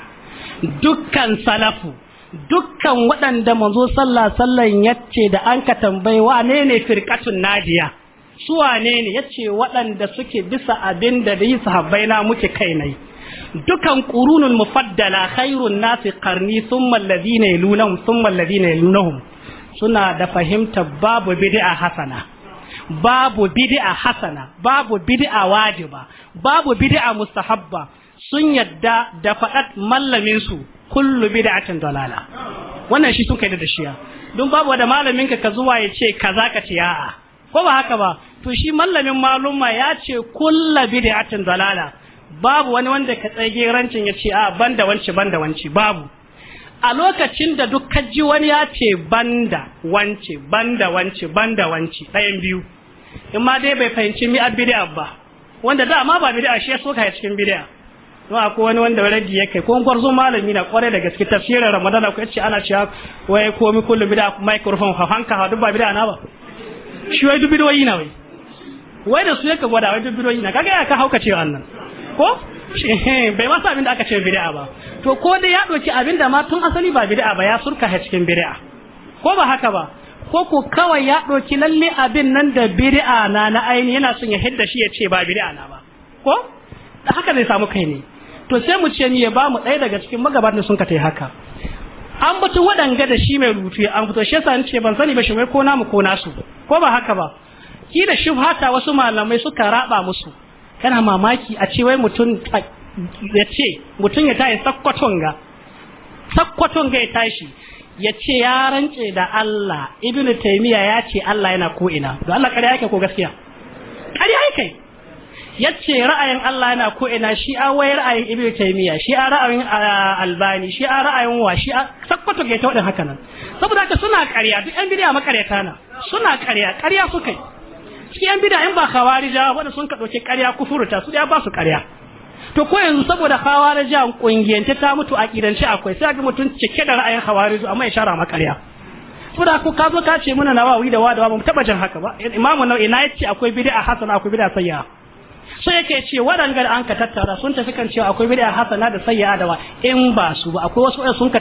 dukkan salafu dukkan waɗanda manzo sallah sallan yace da an ka tambayi wane ne firqatun nadiya su wane ne yace waɗanda suke bisa abin da dai sahabbai muke kai nai dukan qurunul mufaddala khairun nasi qarni thumma alladhina yalunhum thumma alladhina yalunhum suna da fahimtar babu bid'a hasana babu bid'a hasana babu bid'a wajiba babu bid'a mustahabba sun yadda da faɗat mallamin su kullu bid'atin dalala wannan shi sun kai da shiya don babu da malamin ka zuwa ya ce kaza ka ce a'a ko ba haka ba to shi mallamin maluma ya ce kullu bid'atin dalala babu wani wanda ka tsage rancin ya ce a banda wanci banda wanci babu a lokacin da duk kaji wani ya ce banda wance banda wance banda wance ɗayan biyu in ma dai bai fahimci mi bid'a ba wanda da ma ba bid'a shi ya soka ya cikin bid'a don akwai wani wanda wani radi ya kai ko gwarzo malami na kware da gaske tafsirin ramadana ko yace ana cewa wai komi kullum bid'a microphone ha hanka duk ba bid'a na ba shi wai duk bid'o'i na wai wai da su yake gwada wai duk na kaga ya ka hauka cewa annan ko Eh, bai masa abin da aka ce bid'a ba to ko dai ya doki abin da ma tun asali ba bid'a ba ya surka ha cikin bid'a ko ba haka ba ko ku kawai ya doki lalle abin nan da bid'a na na aini yana son ya hidda shi ya ce ba bid'a na ba ko da haka zai samu kai ne to sai mu ce ni ya ba mu ɗaya daga cikin magabatan sun ka tai haka an batun waɗanga da shi mai rubutu an fito shi yasa ce ban sani ba shi mai ko namu ko nasu ko ba haka ba ki da shi shubhata wasu malamai suka raba musu kana mamaki a ce wai mutum ya ce mutum ya tashi sakkwaton ga sakkwaton ga ya tashi ya ce ya rance da Allah ibn taymiya ya ce Allah yana ko ina don Allah kare yake ko gaskiya kare yake ya ce ra'ayin Allah yana ko ina shi a wai ra'ayin ibn taymiya shi a ra'ayin albani shi a ra'ayin wa shi a sakkwaton ga ya ta wadin haka nan saboda haka suna ƙarya duk yan bidiya makaryata na suna ƙarya ƙarya suka yi shi yan bida in ba khawarija wanda sun ka dauki ƙarya ta su ya ba su ƙarya to ko yanzu saboda khawarija kungiyance ta mutu a kidance akwai sai ga mutum cike da ra'ayin khawariju amma ya shara ma ƙarya saboda ku ka zo ka ce muna nawawi da wadawa ba mu taba jin haka ba imamu nau'i na yace akwai bid'a hasana akwai bid'a sayya sai yake ce waɗanda an ka tattara sun tafi kan cewa akwai bid'a hasana da sayya da wa in ba su ba akwai wasu sun ka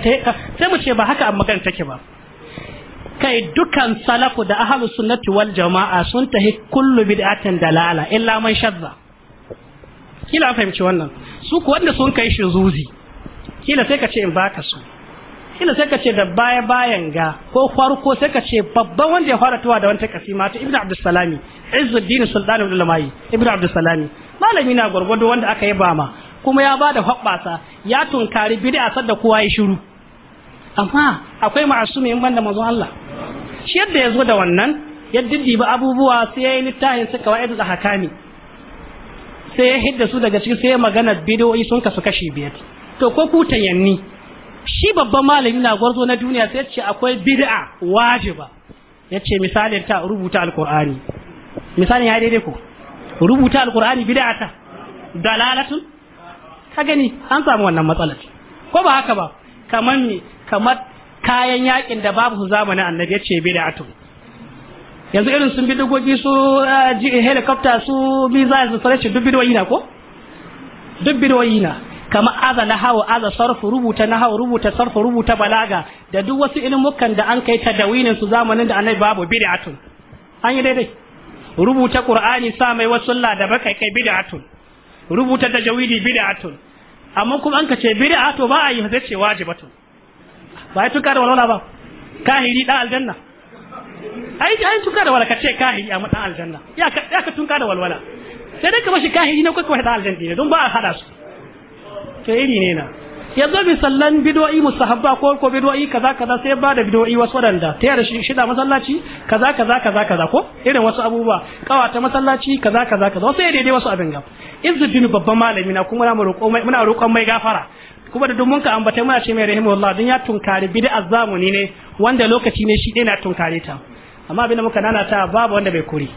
sai mu ce ba haka amma kan take ba kai dukan salafu da ahlu sunnati wal jama'a sun tahi kullu bid'atin dalala illa man shadda kila fahimci wannan su ku wanda sun kai shi zuzi kila sai ka ce in baka su kila sai ka ce da baya bayan ga ko farko sai ka ce babban wanda ya fara tuwa da wata kasima ta ibnu abdussalami izzuddin sultan ibn lamai ibnu abdussalami malami na gwargwado wanda aka yi bama kuma ya bada hobbasa ya tunkari bid'a sadda kowa ya shiru amma akwai ma'asumin in banda mazu Allah shi yadda ya zo da wannan ya diddiba abubuwa sai ya yi littafin su kawai da hakami sai ya hidda su daga cikin sai magana bidiyoyi sun kasu kashi biyar to ko kutan yanni shi babban malami na gwarzo na duniya sai ce akwai bid'a wajiba yace misalin ta rubuta misalin ya daidai ko rubuta alkur'ani bid'a ta dalalatun ka gani an samu wannan matsalar ko ba haka ba kamar me kamar kayan yakin da babu su zamanin annabi yace bid'atu yanzu irin sun bidigogi su eh, helicopter su missiles su shi duk bidiyoyi na ko duk bidiyoyi na kama aza na hawa aza sarfu rubuta na hawa rubuta sarfu rubuta balaga da duk wasu ilmukan da an kai dawinin su zamanin da annabi babu bid'atu an yi daidai rubuta qur'ani sa mai wasulla da bakai kai bid'atu rubuta tajawidi bid'atu amma kuma an ka ce bid'atu ba a yi sai wajibatu ba ya tuka da walwala ba kahiri ɗan aljanna ai ai tuka da walwala kace kahiri amma dan aljanna ya ka ya ka tuka da walwala sai dai ka bashi kahiri ne ko ka dan aljanna ne don ba a hada su to iri ne na yanzu misallan bidoyi musahabba ko ko bido'i kaza kaza sai ba da bido'i wasu wadanda ta yara shida masallaci kaza kaza kaza kaza ko irin wasu abubuwa kawata masallaci kaza kaza kaza wasu ya daidai wasu abin gam izuddin babban malami na kuma muna roƙon mai gafara kuma da dumun ka ambata muna ce mai rahimahullah don ya tunkari bid'a zamuni ne wanda lokaci ne shi ɗaya na tunkare ta amma abinda muka nana ta babu wanda bai kuri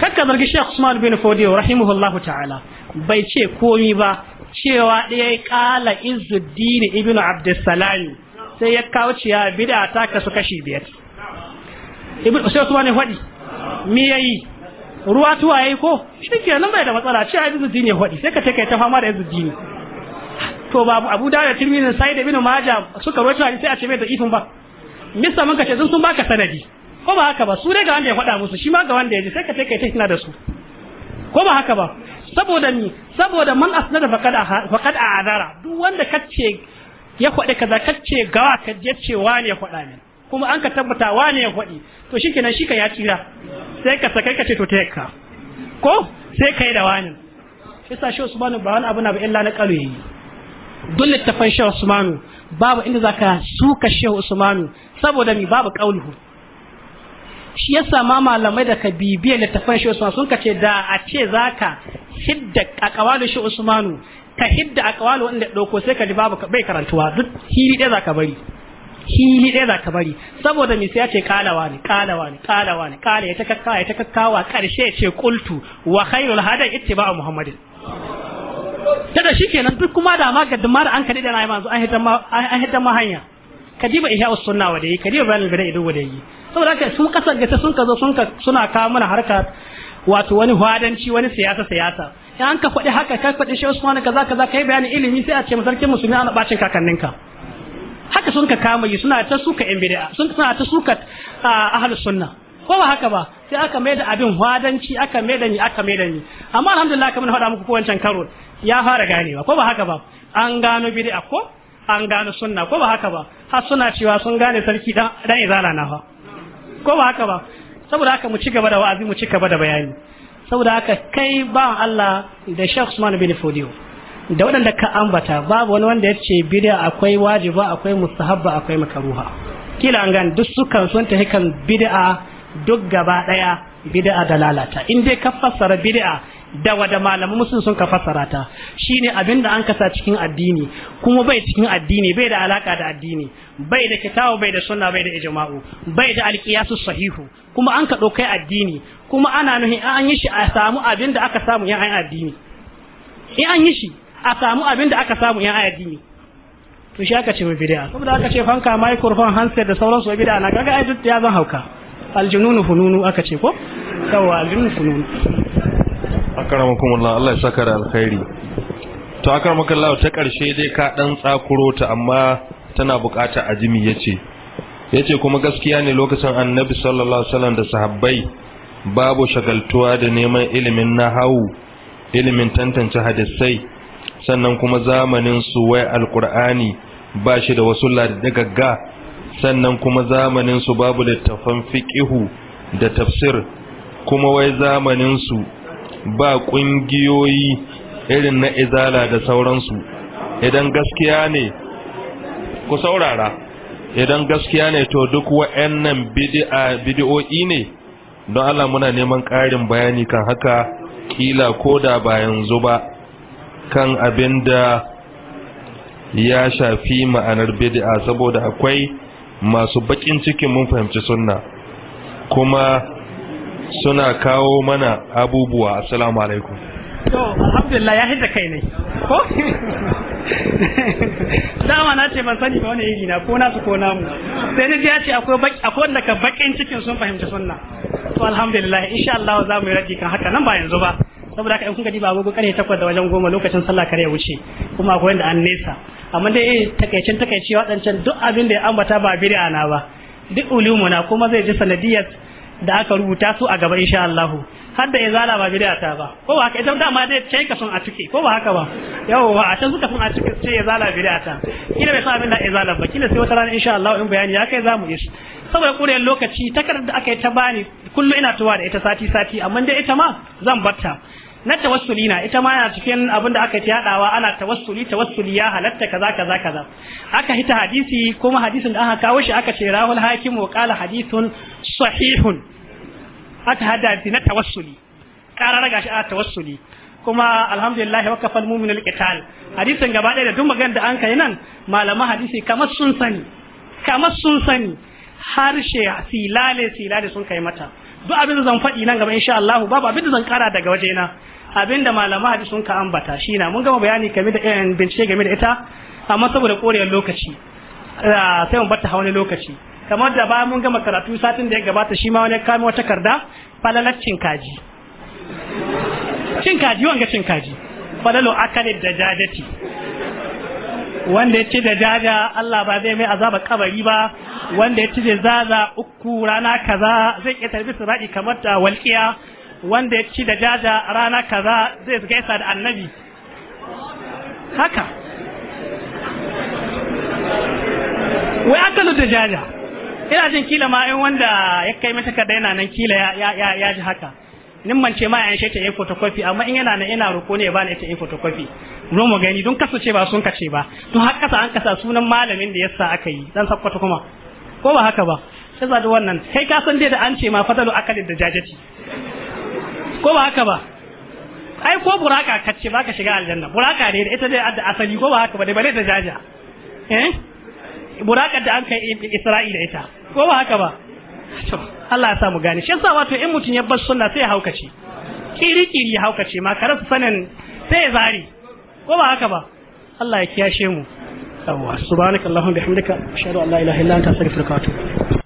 kakka zargi Sheikh Usman bin Fodiyo rahimahullahu ta'ala bai ce komi ba cewa ɗaya kala izuddin ibn Abdussalam sai ya kawo ciya bid'a ta kasu kashi biyar Ibn Usman ne faɗi me yayi ruwa tuwa yayi ko shikenan bai da matsala cewa izuddin ya faɗi sai ka take ta fama da izuddin to babu Abu da da Tirmidhi sai da binu maja suka rocha sai a ce mai da ifin ba misa mun kace sun sun baka sanadi ko ba haka ba su dai ga wanda ya faɗa musu shi ma ga wanda ya ji sai ka take kai tana da su ko ba haka ba saboda ni saboda man asnada faqad faqad a'adara duk wanda kace ya faɗi kaza kace gawa ka je ce wani ya faɗa min kuma an ka tabbata wani ya faɗi to shikenan shi ka ya tsira sai ka sakai ka ce to tayi ka ko sai kai da wani shi shi Usman ba wani abu na ba illa na kalu yayi duk littafan shehu usmanu babu inda zaka suka shehu usmanu saboda mi babu kauluhu shi yasa ma malamai da ka bibiya littafan shehu usmanu sun kace da a ce zaka hidda akawalu shehu usmanu ka hidda akawalu wanda dauko sai ka ji babu bai karantuwa duk hili dai zaka bari hili dai zaka bari saboda mi sai ya ce kalawa ne kalawa ne kalawa ne kala ya ta kakkawa ya ta kakkawa karshe ya ce qultu wa khairul hada ittiba'u muhammadin ta shi kenan duk kuma da ma gaddin da an kadi da na yanzu an hitan ma an hitan ma hanya kadiba ihya sunna wa dai kadiba bayan bid'a ido wa dai saboda haka su kasar gata sun ka zo sun ka suna kawo mana harka wato wani hwadanci wani siyasa siyasa in an ka faɗi haka ka faɗi shi Usman kaza kaza kai bayani ilimi sai a ce masarkin musulmi ana bacin ka haka sun ka kama yi suna ta suka yan bid'a sun suna ta suka ahlus sunna ko ba haka ba sai aka mai da abin hwadanci aka mai da ni aka mai da ni amma alhamdulillah kamar hada muku ko wancan karo ya fara ganewa ko ba haka ba an gano bid'a ko an gano sunna ko ba haka ba har suna cewa sun gane sarki dan dan izala na ko ba haka ba saboda haka mu ci gaba da wa'azi mu ci gaba da bayani saboda haka kai ba Allah da Sheikh Usman bin Fodiyo da waɗanda ka ambata babu wani wanda ya ce bid'a akwai wajiba akwai mustahabba akwai makaruha kila an gane duk sukan sun tafi kan bid'a duk gaba daya bid'a da lalata in dai ka fassara bid'a da wada malamu musun sun ka fassara ta shine abin da an kasa cikin addini kuma bai cikin addini bai da alaka da addini bai da kitabu bai da sunna bai da ijma'u bai da alqiyasu sahihu kuma an ka dokai addini kuma ana nuhi an yi shi a samu abin da aka samu yan ayin addini in an yi shi a samu abin da aka samu yan ayin addini to shi aka ce mu bid'a saboda aka ce fanka microphone handset da sauransu bid'a na kaga ai duk ya zan hauka aljununu fununu aka ce ko yawa aljununu fununu akramakumullah Allah ya saka da alkhairi to Allah ta karshe dai ka dan tsakuro ta amma tana bukata ajimi yace yace kuma gaskiya ne lokacin annabi sallallahu alaihi wasallam da sahabbai babu shagaltuwa da neman ilimin nahawu ilimin tantance hadisai sannan kuma zamanin su wai alqur'ani ba shi da wasu ladagagga sannan kuma zamanin su babu littafan fiqihu da tafsir kuma wai zamanin su ba ƙungiyoyi irin na izala da sauransu idan gaskiya ne ku saurara idan gaskiya ne to duk wa'annan bidi'o'i ne don Allah muna neman ƙarin bayani kan haka kila ko da ba yanzu ba kan abin da ya shafi ma'anar bidi'a saboda akwai masu bakin cikin mun fahimci sunna kuma suna kawo mana abubuwa assalamu alaikum to alhamdulillah ya hidda kai ne ko dama na ce ban sani ba wani iri na ko nasu ko namu sai ni ya ce akwai akwai wanda ka bakin cikin sun fahimci sunna to alhamdulillah insha Allah za mu yi kan haka nan ba yanzu ba saboda haka in kuka diba gogo kare takwas da wajen goma lokacin sallah kare ya wuce kuma akwai wanda an nesa amma dai eh, takaicin takaici waɗancan duk abin da ya ambata ba bid'a na ba duk ulumuna kuma zai ji sanadiyar da aka rubuta su a gaba insha Allah har da izala ba bidaya ta ba ko ba haka idan dama dai kai sun son a cike ko ba haka ba yawa a can suka sun a cike sai ya zala bidaya ta kina bai san abin da izala ba kina sai wata rana insha Allah in bayani ya kai zamu yi saboda kuriyar lokaci takardar da aka yi ta bani kullum ina tuwa da ita sati sati amma dai ita ma zan batta na tawassuli na ita ma yana cikin abin da aka ci hadawa ana tawassuli tawassuli ya halatta kaza kaza kaza aka hita hadisi kuma hadisin da aka kawo shi aka ce rahul hakim wa qala hadithun sahihun aka hada na tawassuli kara raga shi a tawassuli kuma alhamdulillah wa kafal mu'min al-qital hadisin gaba ɗaya da duk magana da an kai nan malaman hadisi kamar sun sani kamar sun sani harshe silale silale sun kai mata duk abin da zan faɗi nan gaba insha Allah babu abin da zan kara daga wajena abin da malama hadisi sun ka ambata shi na mun gama bayani game da eh, bincike game da ita amma saboda korewar lokaci ah, sai mun bata wani lokaci kamar da bayan mun gama karatu satin da ya gabata shi ma wani kame wata karda falalacin kaji cin kaji wanga cin kaji falalu akalid da jajati wanda ya ci da jaja Allah ba zai mai azaba kabari ba wanda ya ci da zaza uku rana kaza zai iya tarbi sirati kamar ta walƙiya wanda ya ci da jaja rana kaza zai gaisa da annabi haka wai akalu da jaja ina jin kila ma in wanda ya kai mata kada yana nan kila ya ji haka nin ce ma an ta yi photocopy amma in yana na ina roko ne ba ne ta yi photocopy zo mu gani don kasance ba sun kace ba to har kasa an kasa sunan malamin da yasa aka yi dan sakwata kuma ko ba haka ba sai da wannan kai ka san dai da an ce ma fadalu akalin da jajati ko ba haka ba ai ko buraka ka ce ka shiga aljanna buraka ne da ita dai da asali ko ba haka ba dai bare da jaja eh buraka da an kai isra'ila ita ko ba haka ba to Allah ya samu gane shi yasa wato in mutum ya bar sunna sai ya haukace kiri kiri ya haukace ma kare su sanin sai ya zari ko ba haka ba Allah ya kiyashe mu subhanakallahumma bihamdika ashhadu an la ilaha illa anta astaghfiruka wa atubu